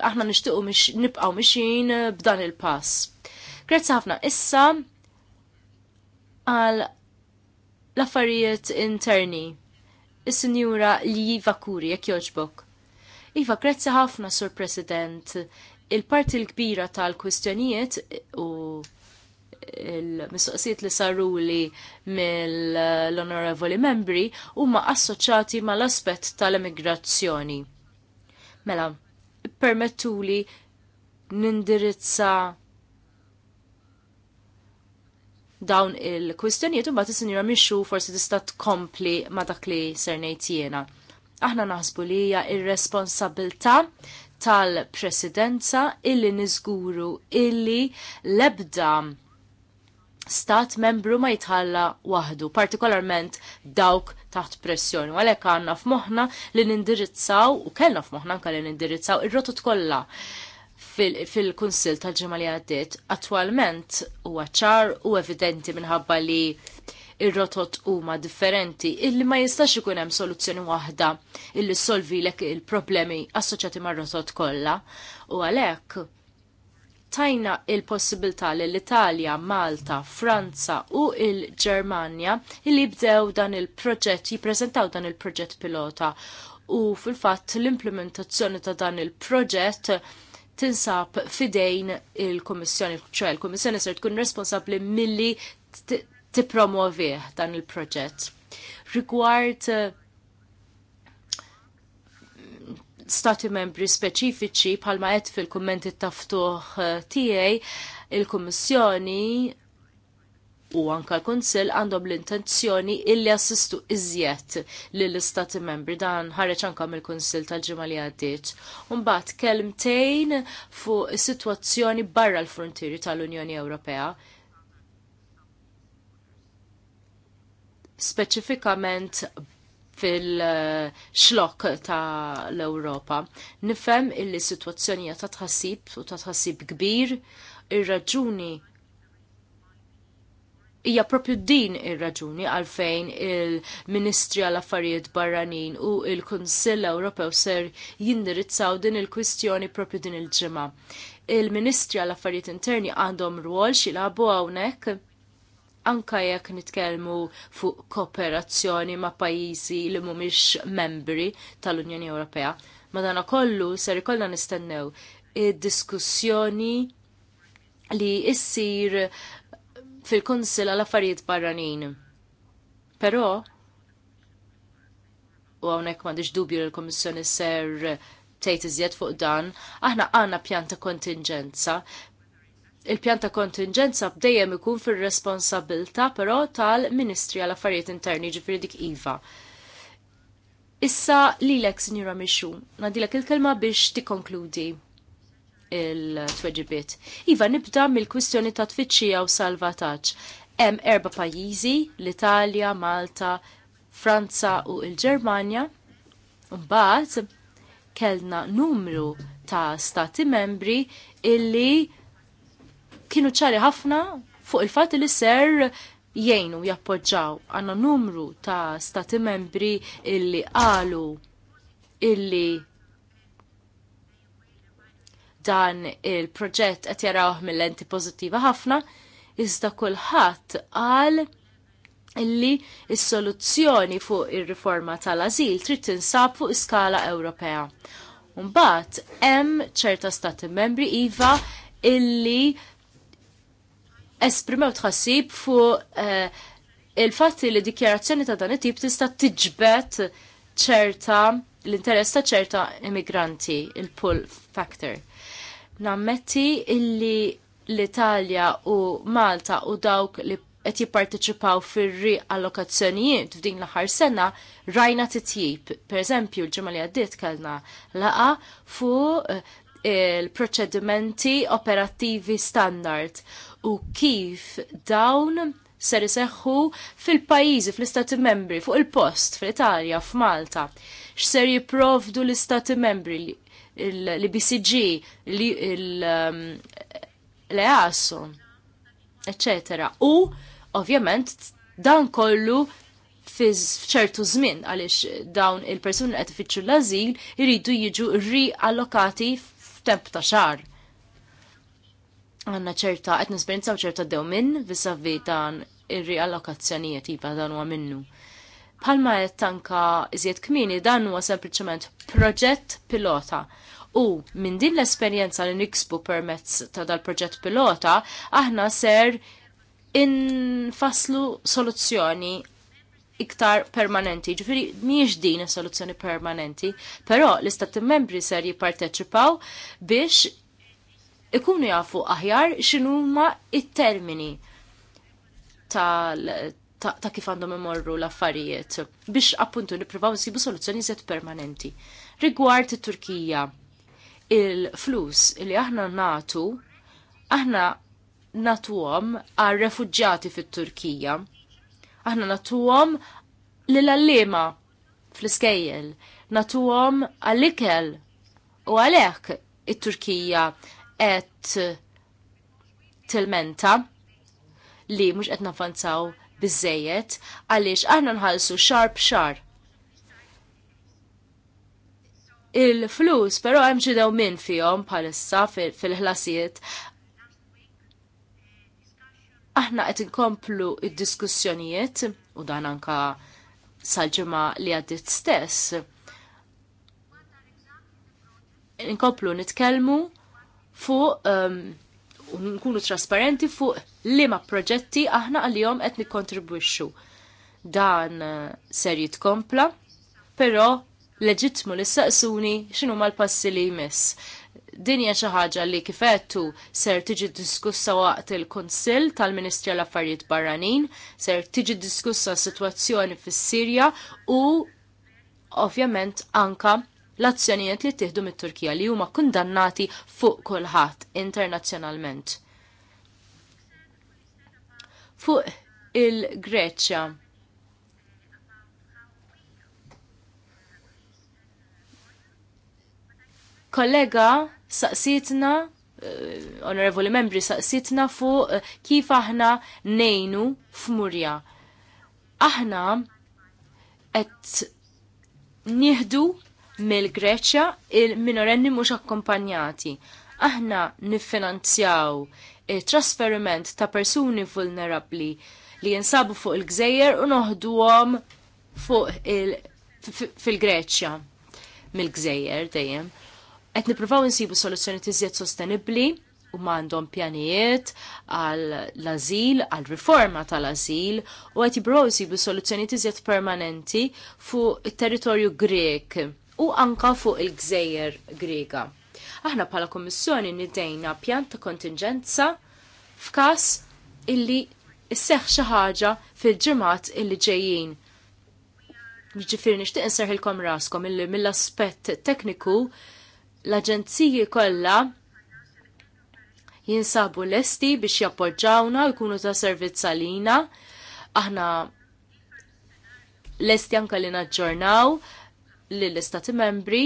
aħna nixtiequ nibqgħu mixin b'dan il-pass. Grazzi ħafna issa għal l-affarijiet interni. Is-Sinjura li Iva Kuri, jekk joġbok. Iva, grazzi ħafna, Sur President. Il-parti l-kbira tal-kwistjonijiet u il-mistoqsijiet li sarru li mill-onorevoli membri huma assoċjati mal-aspett tal-immigrazzjoni. Mela, permettuli nindirizza dawn il-kwistjonijiet u mbagħad is-sinjura Mixu forsi tista' tkompli ma' dak li ser ngħid Aħna naħsbu li hija ir-responsabilità tal-presidenza illi niżguru illi l-ebda stat membru ma jitħalla waħdu, partikolarment dawk taħt pressjoni. Għalek għanna f'moħna li nindirizzaw, u kellna f'moħna anka li nindirizzaw, ir-rotot kollha fil-Kunsil tal-ġimgħa li għaddiet attwalment huwa ċar u evidenti minħabba li ir-rotot huma differenti illi ma jistax ikun hemm soluzzjoni waħda illi solvi lek il-problemi assoċjati mar-rotot kollha u għalhekk tajna il-possibilità li l-Italja, Malta, Franza u il-Germania illi bdew dan il-proġett, jiprezentaw dan il-proġett pilota u fil-fatt l-implementazzjoni ta' dan il-proġett tinsab fidejn il-Kommissjoni, ċoħe il-Kommissjoni ser tkun responsabli milli t-promovi dan il-proġett. Rigward eh, stati membri speċifiċi bħalma qed fil-kummenti taftuħ eh, tiegħi il-Kummissjoni u anka l-Kunsill għandhom l-intenzjoni illi assistu iżjed lill-Istati membri dan ħareġ anka mill-Kunsill tal-ġimgħa li għaddiet. Mbagħad kelmtejn fuq is-sitwazzjoni barra l-frontieri tal-Unjoni Ewropea. Speċifikament fil-xlok ta' l-Europa. Nifem illi situazzjonija ta' tħassib u ta' tħassib kbir, ir-raġuni hija propju din ir-raġuni għalfejn il-Ministri għal affarijiet barranin u il-Kunsill Ewropew ser jindirizzaw din il-kwistjoni propju din il-ġimgħa. Il-Ministri għal affarijiet interni għandhom rwol xilabu hawnhekk anka jekk nitkellmu fuq kooperazzjoni ma' pajjiżi li mhumiex membri tal-Unjoni Ewropea. madanakollu kollu ser ikollna nistennew id-diskussjoni li issir fil-Kunsil għal affarijiet barranin. Però u hawnhekk m'għandix dubju l komissjoni ser tgħid iżjed fuq dan, aħna għandna pjanta kontingenza. Il-pjanta kontingenza bdejjem ikun fir-responsabilta però tal-Ministri għal affarijiet interni ġifieri dik iva. Issa lilek, Sinjura Mixu, nadilek il-kelma biex tikkonkludi il-tweġibiet. Iva, nibda mill-kwistjoni ta' tfittxija u salvataġġ. Hemm erba' pajjiżi, l-Italja, Malta, Franza u l-Ġermanja. Mbagħad kellna numru ta' stati membri illi kienu ċari ħafna fuq il fatt li ser jgħinu jappoġġaw għanna numru ta' stati membri illi qalu illi dan il-proġett qed jarawh mill-lenti pożittiva ħafna, iżda kulħadd qal illi s-soluzzjoni fuq ir-riforma tal-azil trid tinsab fuq iskala Ewropea. Mbagħad hemm ċerta stati membri iva illi esprimew tħassib fuq eh, il-fatti li dikjarazzjoni ta' dan it-tip tista' tiġbet ċerta l-interess ta' ċerta immigranti, il-pull factor nammetti illi l-Italja u Malta u dawk li qed jipparteċipaw fir ri allokazzjonijiet f'din l-aħħar sena rajna titjib. Pereżempju l-ġimgħa li għaddiet kellna laqa fuq eh, il-proċedimenti operattivi standard u kif dawn ser iseħħu fil-pajjiżi, fl-istati membri, fuq il-post, fl-Italja, f'Malta. X'ser jipprovdu l-istati membri l-BCG, l-EASO, um, etc. U ovvjament dan kollu f'ċertu żmien għaliex dawn il-persuni qed fitxu l-azil iridu jiġu riallokati f'temp ta' xar. Għanna ċerta qed u ċerta dew minn vis-savvi dan ir-riallokazzjonijiet iva dan huwa minnu. Palma qed tanka iżjed kmini dan huwa sempliċement proġett pilota. U minn din l-esperjenza li niksbu permezz ta' dal-proġett pilota, aħna ser infaslu soluzzjoni iktar permanenti. Ġifiri, miex din soluzzjoni permanenti, però l-istati membri ser jipparteċipaw biex ikunu jafu aħjar x'inhuma it-termini tal ta', ta kif għandhom imorru l-affarijiet biex appuntu nippruvaw nsibu zed permanenti. Rigward it-Turkija, il-flus li aħna natu, aħna natuhom għal refugġati fit-Turkija. Aħna natuhom lil allima fl-iskejjel, natuhom għal-ikel u għalhekk it-Turkija qed tilmenta li mhux qed nafanzaw bizzejiet għaliex aħna nħallsu xar b'xar. Il-flus però hemm ġidew minn fihom bħalissa fil-ħlasijiet aħna qed inkomplu id-diskussjonijiet u dan anka sal-ġimgħa li għaddit stess. Inkomplu nitkellmu fuq um, u nkunu trasparenti fuq liema proġetti aħna għal-jom qed nikkontribwixxu. Dan eh, ser jitkompla, però leġitmu li saqsuni x'inhu mal-passi li jmiss. Din hija xi ħaġa li kifettu ser tiġi diskussa waqt il-Kunsill tal-Ministri għal affarijiet Barranin, ser tiġi diskussa s-sitwazzjoni fis-Sirja u ovvjament anka l-azzjonijiet li ttieħdu mit-Turkija li huma kundannati fuq kulħadd internazzjonalment. Fuq il-Greċja kollega saqsitna, eh, onorevoli membri saqsitna fuq eh, kif aħna nejnu f'Murja. Aħna qed nieħdu mill-Greċja il-minorenni mhux akkompanjati. Aħna niffinanzjaw il-trasferiment ta' persuni vulnerabli li jinsabu fuq il-gżejjer u noħduhom fuq il fil-Greċja mill-gżejjer dejjem. Qed nippruvaw insibu soluzzjoni tiżjed sostenibbli u m'għandhom pjanijiet għal l-azil, għal riforma tal-azil u qed jippruvaw insibu soluzzjoni tiżjed permanenti fuq it-territorju Grek u anka fuq il-gżejjer Griega. Aħna bħala Kommissjoni nidejna pjan ta' kontingenza f'każ illi isseħ xi ħaġa fil-ġimgħat illi ġejjin. Jiġifieri nixtieq inserħilkom raskom illi mill-aspett tekniku l-aġenziji kollha jinsabu lesti biex jappoġġawna jkunu ta' servizz għalina. Aħna lesti anka li naġġornaw l istati membri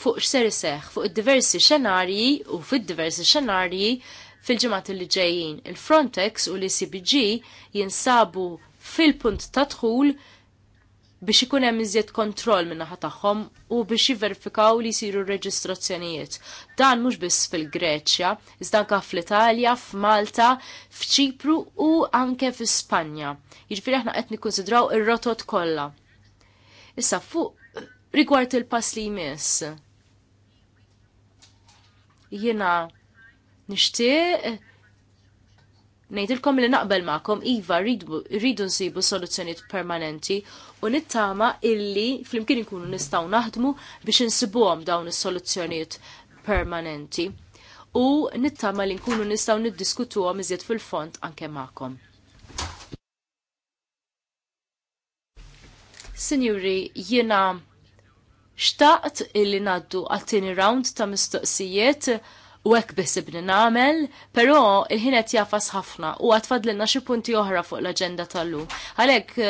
fuq x'ser iseħħ fuq id-diversi xenarji u fid-diversi xenarji fil-ġimgħat li ġejjin. Il-Frontex u l-ICBG jinsabu fil-punt ta' dħul biex ikun hemm iżjed kontroll min-naħa tagħhom u biex jiverifikaw li jsiru reġistrazzjonijiet. Dan mhux biss fil-Greċja, iżda anke fl-Italja, f'Malta, f'Ċipru u anke f'Ispanja. Jiġifieri aħna qed nikkunsidraw ir-rotot kollha. Issa fuq Rigward il-pass li jmiss, Jiena nishtiq nejdilkom li naqbel ma'kom Iva rridu nsibu soluzzjoniet permanenti u nittama illi flimkien ikunu nistaw naħdmu biex nsibuhom dawn is soluzzjonijiet permanenti u nittama li nkunu nistaw niddiskutuhom iżjed fil-font anke ma'kom. Sinjuri, jiena Xtaqt illi naddu għattini round ta' mistoqsijiet u hekk biss namel, nagħmel, però il-ħin qed jafas ħafna u għatfadlilna xi punti oħra fuq l-aġenda tal-lum. Għalhekk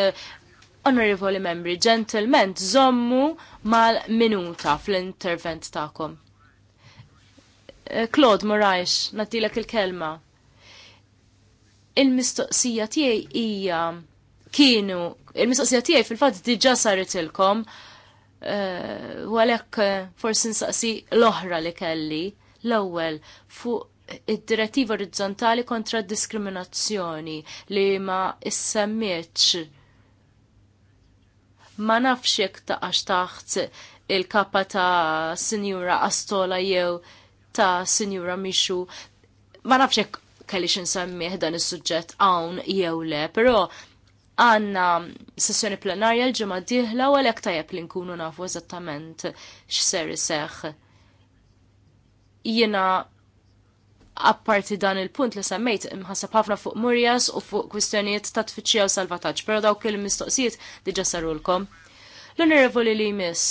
Honorable eh, Membri, gentlemen, zommu mal-minuta fl-intervent ta'kom. Eh, Claude Moraix, natilek il-kelma. Il-mistoqsija tiegħi hija kienu, il-mistoqsija tiegħi fil-fatt diġà saret ilkom Eh, u għalhekk eh, forsi nsaqsi l-oħra li kelli l-ewwel fuq id-direttiva orizzontali kontra d diskriminazzjoni li ma semmietx. ma nafx jekk taqax taħt il kappa ta' Sinjura Astola jew ta' Sinjura Mixu. Ma nafx jekk kelli xinsemmih dan is-suġġett hawn jew le, però għanna sessjoni plenarja l-ġemma diħla u għalek tajab li nkunu nafu eżattament x'ser seħ. Jena apparti dan il-punt li semmejt imħasab ħafna fuq Murjas u fuq kwistjonijiet ta' tfittxija u salvataġġ, però daw il-mistoqsijiet diġa sarulkom. L-Onorevoli li miss,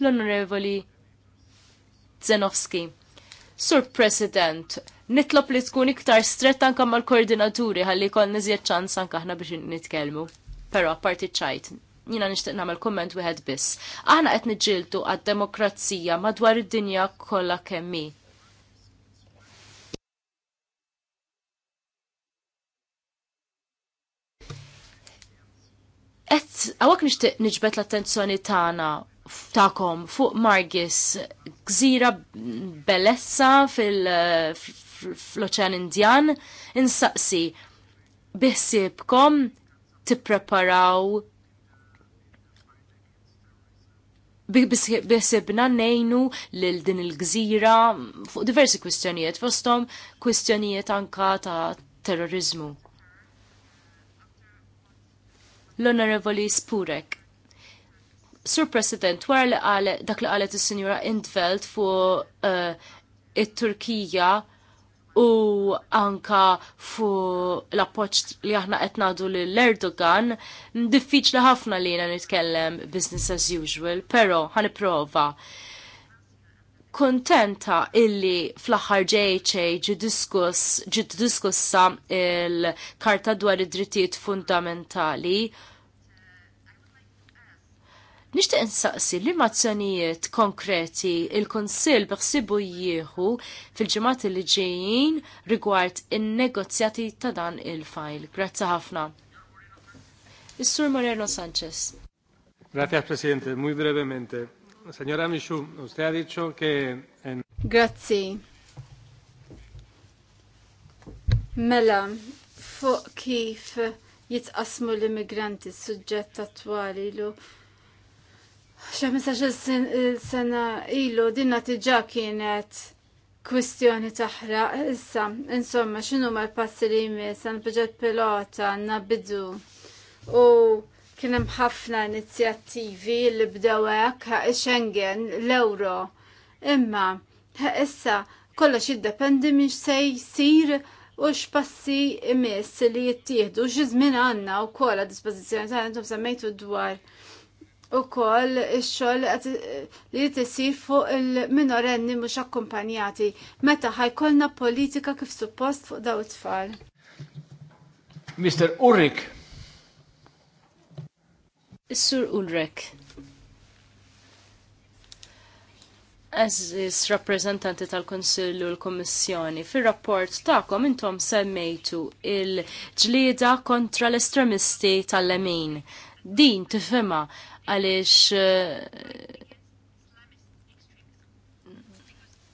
l-Onorevoli Zenovski, Sur President, nitlob li tkun iktar stretta anka mal-koordinaturi ħalli kol nizjet ċans anka aħna biex nitkellmu. Però parti ċajt, jina nixtieq nagħmel komment wieħed biss. Aħna qed niġġieldu għad-demokrazija madwar id-dinja kollha kemm hi. Et, għawak nixtieq nġbet l-attenzjoni tagħna ta'kom fuq Margis, gżira bellezza fil fl-Oċean Indjan, insaqsi biħsibkom tippreparaw biħsibna nejnu lil din il-gżira fuq diversi kwistjonijiet, fostom kwistjonijiet anka ta' terrorizmu. L-Onorevoli Spurek. Sur President, wara li għalet dak li għalet il-Sinjura Indveld fuq uh, it-Turkija u anka fu l-appoċ li aħna qed nagħdu lil Erdogan, diffiċli ħafna li jena nitkellem business as usual, però prova Kontenta illi fl-aħħar ġejċe ġi diskuss ġi diskussa il-Karta dwar id-drittijiet fundamentali Nixtieq insaqsi li mazzanijiet konkreti il-Kunsill biħsibu jieħu fil-ġimgħat li ġejjin rigward in-negozjati ta' dan il-fajl. Grazzi ħafna. Is-Sur Moreno Sanchez.
Grazie Presidente, muy brevemente. Signora Michu, usted ha dicho que en... Grazie. Mela, fuq kif jitqasmu l-immigranti s-suġġett attwali lu 15 sena ilu dinna tiġa kienet kwistjoni taħra. Issa, insomma, xinu ma l-passi li jmiss, għan bġet pilota, għanna bidu. U kienem ħafna inizjattivi li bdewek, Schengen, l-euro. Imma, issa, kollox jiddependi minn se sir u x'passi imiss li jittieħdu x'żmien għandna wkoll għad dispożizzjoni tagħna intom semmejtu dwar u koll xol li t-sir fuq il-minorenni mux akkumpanjati. Meta ħajkolna politika kif suppost fuq daw tfal.
Mr. Ulrik.
Sur Ulrik. is rappresentanti tal-Konsillu l-Kommissjoni, fil-rapport ta'kom intom semmejtu il-ġlieda kontra l-estremisti tal-lemin din tifhimha għaliex eh,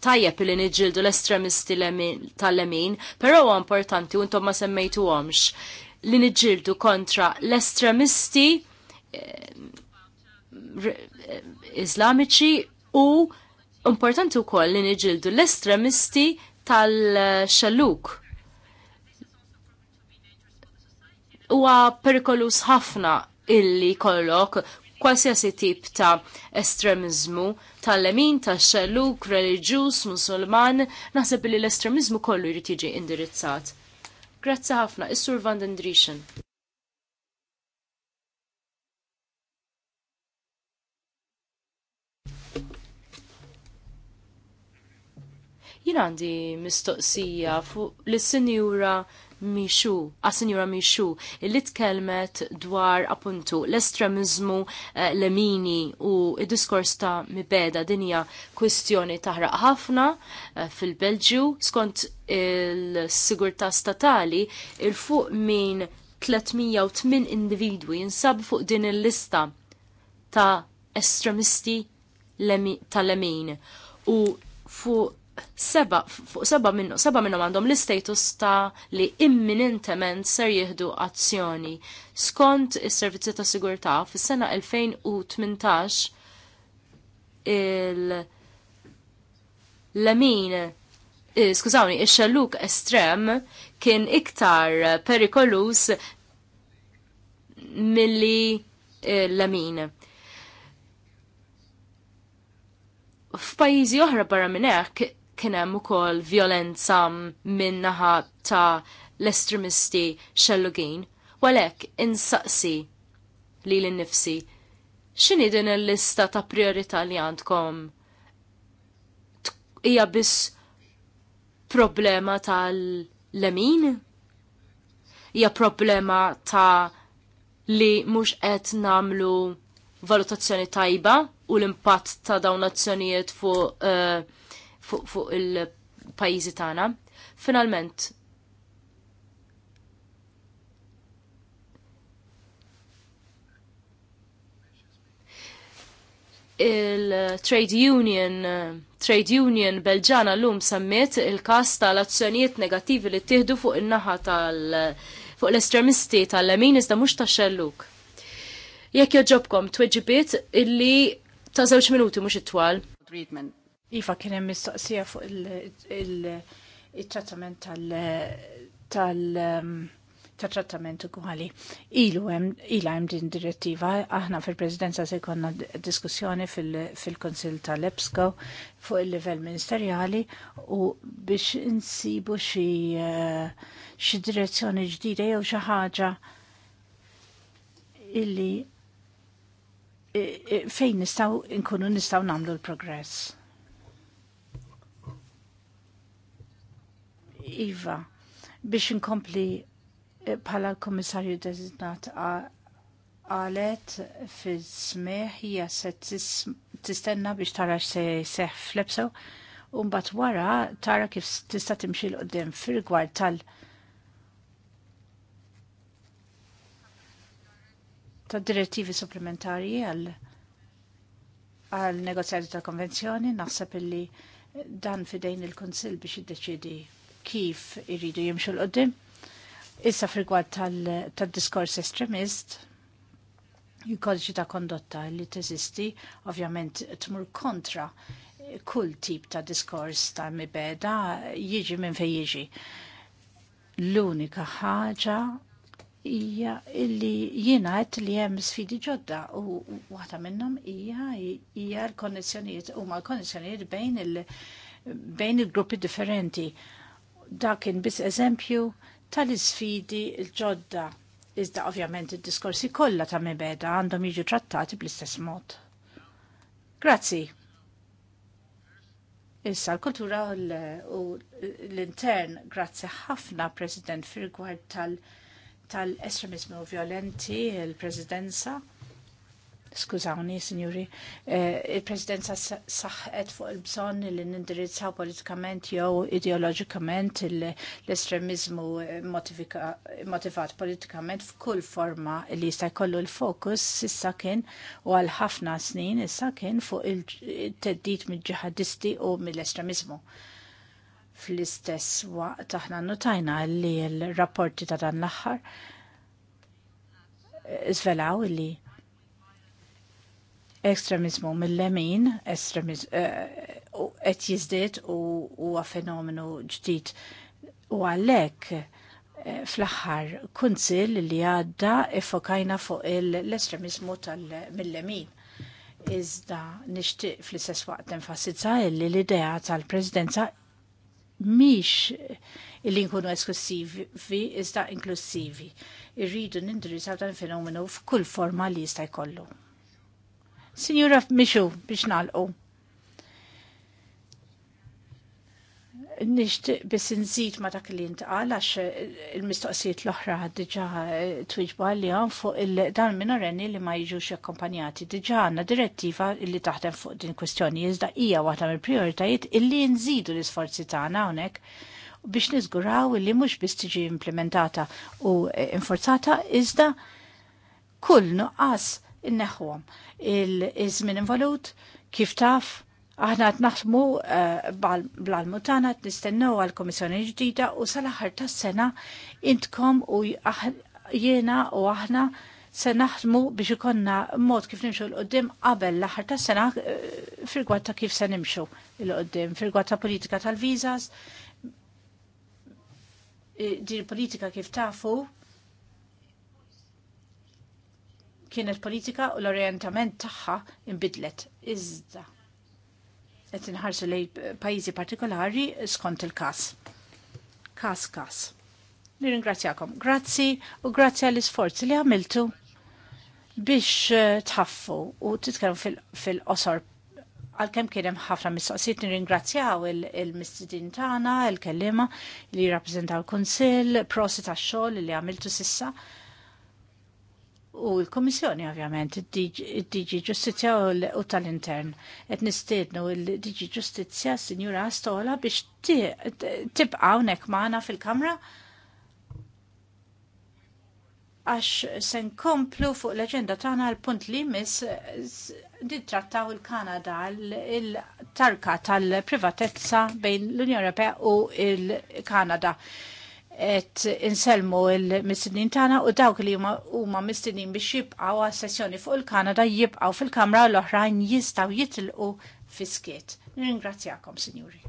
tajjeb li nġildu l-estremisti tal-lemin, però huwa importanti untom ma ma semmejtuhomx li nġildu kontra l-estremisti eh, eh, islamiċi u importanti wkoll li niġildu l-estremisti tal-xalluk. Huwa perikolus ħafna illi kollok kwasjasi tip ta' estremizmu, tal-lemin, ta' xelluk, religjus, musulman, naħseb li l-estremizmu kollu jrid jiġi indirizzat. Grazzi ħafna, is-Sur Van Dendrischen. Jien għandi mistoqsija fuq l-sinjura Mishu, a sinjura Mishu, illi tkellmet dwar appuntu l-estremizmu eh, l-emini u id-diskors ta' mibeda dinja kwistjoni taħraq ħafna eh, fil-Belġju skont il-sigurta statali il-fuq minn 308 individwi jinsab fuq din il-lista ta' estremisti tal lemin u fuq seba, fuq seba minnu, seba minnhom għandhom l-istatus ta' li imminentement ser jieħdu azzjoni. Skont is-Servizzi ta' Sigurtà fis-sena 2018 il- lamin eh, skużawni, il-xalluk estrem kien iktar perikolus milli l eh, lamin F'pajjiżi oħra barra minn hekk kienem u kol violenza minnaħa ta' l-estremisti xellugin, walek insaqsi li l-nifsi, xini din l-lista ta' priorità li għandkom? Ija biss problema tal-lemin? Ija problema ta' li mux qed namlu valutazzjoni tajba u l-impatt ta' dawn azzjonijiet fuq uh, fuq fu il-pajjiżi tagħna. Finalment, il-trade union trade union belġana l-lum sammiet il-kas tal-azzjonijiet negativi li tieħdu fuq in-naħa tal fuq l-estremisti tal-lemin iżda mhux ta' xelluk. Jekk joġobkom tweġibiet illi ta' żewġ minuti mhux it-twal. Treatment Iva kien hemm
mistoqsija fuq il-trattament tal- um, ta' trattament ugħali. Ilu hemm ila hemm din direttiva, aħna fil-Presidenza se jkollna diskussjoni fil-Konsil tal-EBSCO fuq il-livell ministerjali u biex insibu eh, xi direzzjoni ġdida jew xi ħaġa illi eh, eh, fejn nistgħu nkunu nistgħu nagħmlu l-progress. Iva, biex inkompli bħala eh, komissarju designat għalet fil-smeħ hija se tistenna biex tara se seħ flepso u mbagħad wara tara kif tista' timxi l-qudiem fir-rigward tal- ta' direttivi supplementari għal għal negozjati ta' konvenzjoni naħseb illi dan fidejn il-Konsil biex iddeċidi kif iridu jimxu l-qoddim. Issa frigwad tal-diskors tal estremist, il ta' kondotta li teżisti ovvjament tmur kontra kull tip ta' diskors ta' mibeda jiġi minn fej jiġi. L-unika ħaġa hija illi jiena għet li hemm sfidi ġodda u waħda minnhom hija hija l u huma l konnessjoniet bejn il-gruppi differenti dakin bis eżempju tal-isfidi l ġodda Iżda ovvjament il-diskorsi kollha ta' mibeda għandhom jiġu trattati bl-istess mod. Grazzi. Issa l-kultura u l-intern, grazzi ħafna, President, fil-gwar tal-estremizmu violenti, il-Presidenza skużawni, signori, eh, il-presidenza saħħet fuq il-bżon li nindirizzaw politikament jew ideologikament l-estremizmu motivat politikament f'kull forma li jista' jkollu l-fokus issa kien u għal ħafna snin issa kien fuq il-teddit mill-ġihadisti u mill-estremizmu fl-istess waqt aħna notajna li l-rapporti ta' dan l-aħħar eh, zvelaw li Ekstremizmu mill-lemin, ekstremizmu eh, qed jiżdied u huwa fenomenu ġdid u għalhekk eh, fl-aħħar kunsill li għadda effokajna fuq l-estremizmu tal-millemin. Iżda nixtieq fl-istess waqt enfasizza li l-idea tal-Presidenza miex illi nkunu esklusivi iżda inklusivi. Irridu nindirizzaw dan il-fenomenu f'kull forma li jista' jkollu. Signora Mishu biex nalqu. Nishtiq biss nżid ma dak li intqal għax il-mistoqsijiet l-oħra diġa twiġba li għan fuq il-dan minorenni li ma jiġux akkompanjati. Diġà għanna direttiva li taħdem fuq din kwestjoni iżda hija waħda mill-prioritajiet illi nżidu l-isforzi tagħna hawnhekk biex niżguraw li mhux biss tiġi implementata u eh, infurzata iżda kull nuqqas inneħħuhom. Il-żmien involut kif taf aħna qed naħdmu eh, bl-almutana qed nistennew għall-Kummissjoni ġdida u sal-aħħar tas-sena intkom u jiena u aħna se naħdmu biex ikonna mod kif nimxu l-qoddim qabel l-aħħar tas-sena eh, firgwad ta' kif se nimxu l-qoddim, firgwad ta' politika tal-viżas, eh, din politika kif tafu kien il-politika u l-orientament tagħha inbidlet. Iżda qed inħarsu lejn pajjiżi partikolari skont il-każ. Każ każ. Nirringrazzjakom. Grazzi u grazzi għall isforzi li għamiltu biex eh, tħaffu u titkellmu fil-qosor għal-kem kienem ħafna mistoqsijiet nirringrazzjaw il-mistidin tagħna, il-kellima li jirrappreżentaw il-Kunsill, prosi tax-xogħol li għamiltu sissa u l-Komissjoni ovvjament, id-Diġi Ġustizja u tal-Intern. Et nistiednu il-Diġi Ġustizja, Sinjura Astola, biex tibqa unek maħna fil-Kamra għax sen komplu fuq l-agenda tagħna l-punt li mis trattaw il kanada il tarka tal privatezza bejn l unjoni ewropea u il kanada et inselmu il-mistednin tana u dawk li huma mistinin biex jibqaw sessjoni fuq il-Kanada jibqaw
fil-Kamra l-oħrajn jistaw jitilqu fiskiet. Ringrazzjakom, Sinjuri.